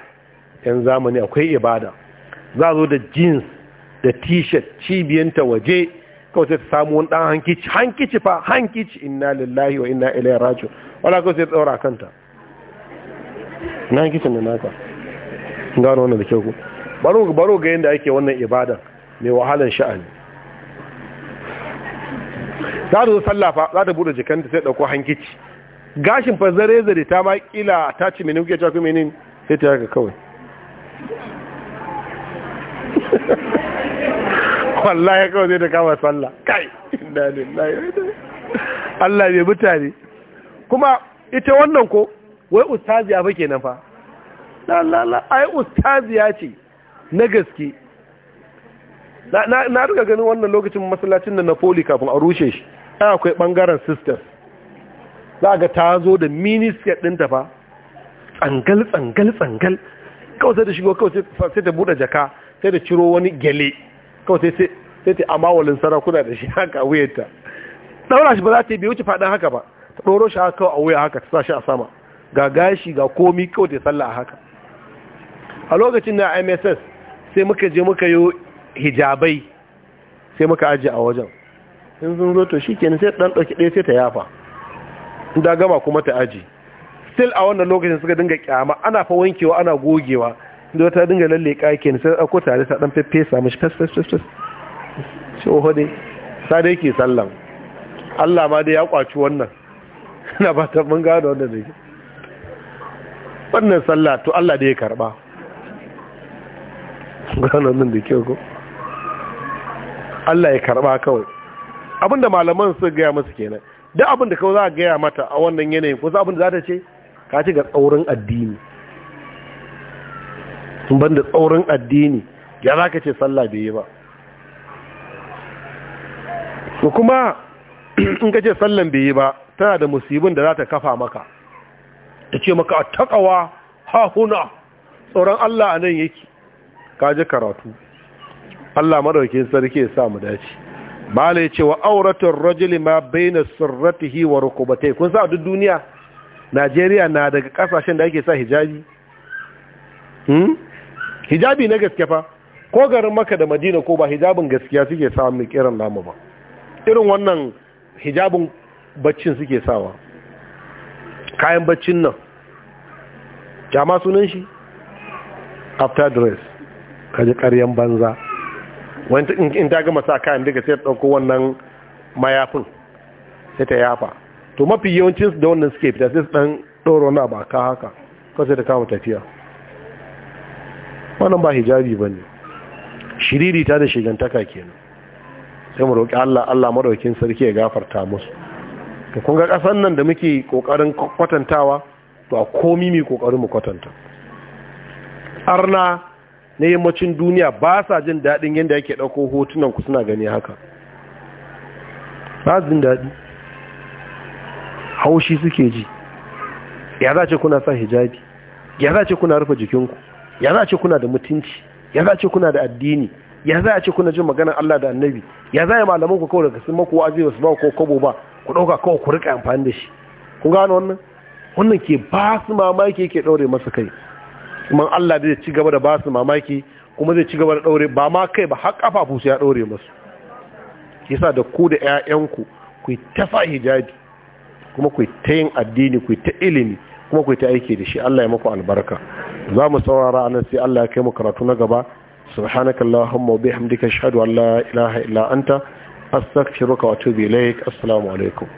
[SPEAKER 1] yan zamani akwai ibada za zo da jeans da t-shirt cibiyanta waje kawai sai ta samu wani ɗan hankici hankici fa hankici inna lillahi wa inna ilaihi raji'un wala kawai sai ta daura kanta na hankicin da naka gano wannan da kyau ku baro baro ga yanda ake wannan ibada mai wahalan sha'ani za ta zo sallah fa za ta bude jikanta sai ɗauko hankici gashin fa zare zare ta ma kila ta ci mini kuke ta kuma ne sai ta haka kawai wallahi kawai zai ta kama sallah kai inda lillahi Allah bai mutane kuma ita wannan ko wai ustaziya ba nan fa la la la ai ustaziya ce na gaske na riga ganin wannan lokacin masallacin da na poli kafin a rushe shi akwai bangaren sisters za ga ta zo da miniskit ɗinta ba tsangal tsangal tsangal kawai sai da shigo kawai sai ta buɗe jaka sai da ciro wani gyale kawai sai sai ta amawalin sarakuna da shi haka wuyanta ɗaura shi ba za ta yi bai wuce faɗin haka ba ta ɗoro shi haka a wuya haka ta sa shi a sama ga gashi ga komi kawai ta salla a haka a lokacin na mss sai muka je muka yi hijabai sai muka ajiye a wajen in sun zo to shi kenan sai ɗan ɗauki ɗaya sai ta yafa in da gama kuma ta aji still a wannan lokacin suka dinga kyama ana fa wankewa ana gogewa inda wata dinga lalle kake sai ako tare ta dan fefesa mishi fes fes fes fes shi oho dai sa dai ke sallan Allah ma dai ya kwaci wannan ina ba ta mun gano wannan dai wannan sallah to Allah dai ya karba gano nan da kyau ko Allah ya karba kawai abinda malaman su ga musu kenan da abin da kawai za a gaya mata a wannan yanayin ko za abin da za ta ce ka ci ga tsaurin addini sun ban da tsaurin addini ya za ka ce sallah bai yi ba ko kuma in ka ce sallan bai yi ba tana da musibin da za ta kafa maka ta ce maka a takawa ha huna tsoron Allah a nan yake ka ji karatu Allah madaukin sarki ya sa mu dace bala ya ce wa auratar rajuli ma baina sirratihi wa rukubatai kun sa duk duniya najeriya na daga kasashen da ake sa hijabi hmm? hijabi na gaske fa ko garin maka da madina ko ba hijabin gaskiya suke samun kiran namu ba irin wannan hijabin baccin suke sawa kayan baccin nan jama sunan shi after dress kaji karyan banza wani in ta gama sa kayan daga sai ta ɗauko wannan mayafin sai ta yafa to mafi yawancin da wannan suke fita sai su ɗan ɗoro na ba ka haka ko sai ta kama tafiya wannan ba hijabi ba ne Shiriri ta da shigantaka kenan sai mu roƙi Allah Allah maɗaukin sarki ya gafarta musu to kun ga ƙasar nan da muke ƙoƙarin kwatantawa to a komi mai ƙoƙarin mu kwatanta arna na yammacin duniya ba sa jin daɗin yadda yake ɗauko hotunan ku suna gani haka ba su jin daɗi haushi suke ji ya za ce kuna sa hijabi ya za ce kuna rufe jikinku ya za ce kuna da mutunci ya za ce kuna da addini ya za a ce kuna jin maganar Allah da annabi ya za yi malamanku kawai daga sun maku wa'azi ba su ba ko kobo ba ku ɗauka kawai ku riƙa amfani da shi kun gano wannan wannan ke ba su mamaki yake ɗaure masa kai kuma Allah zai ci gaba da ba su mamaki kuma zai ci gaba da daure ba ma kai ba har kafafu su ya daure musu yasa da ku da ƴaƴanku ku tafa hijabi kuma ku ta yin addini ku ta ilimi kuma ku ta aiki da shi Allah ya maku albarka za mu saurara anan sai Allah ya kai mu karatu na gaba subhanaka allahumma wa bihamdika ashhadu an la ilaha illa anta astaghfiruka wa atubu ilaik assalamu alaikum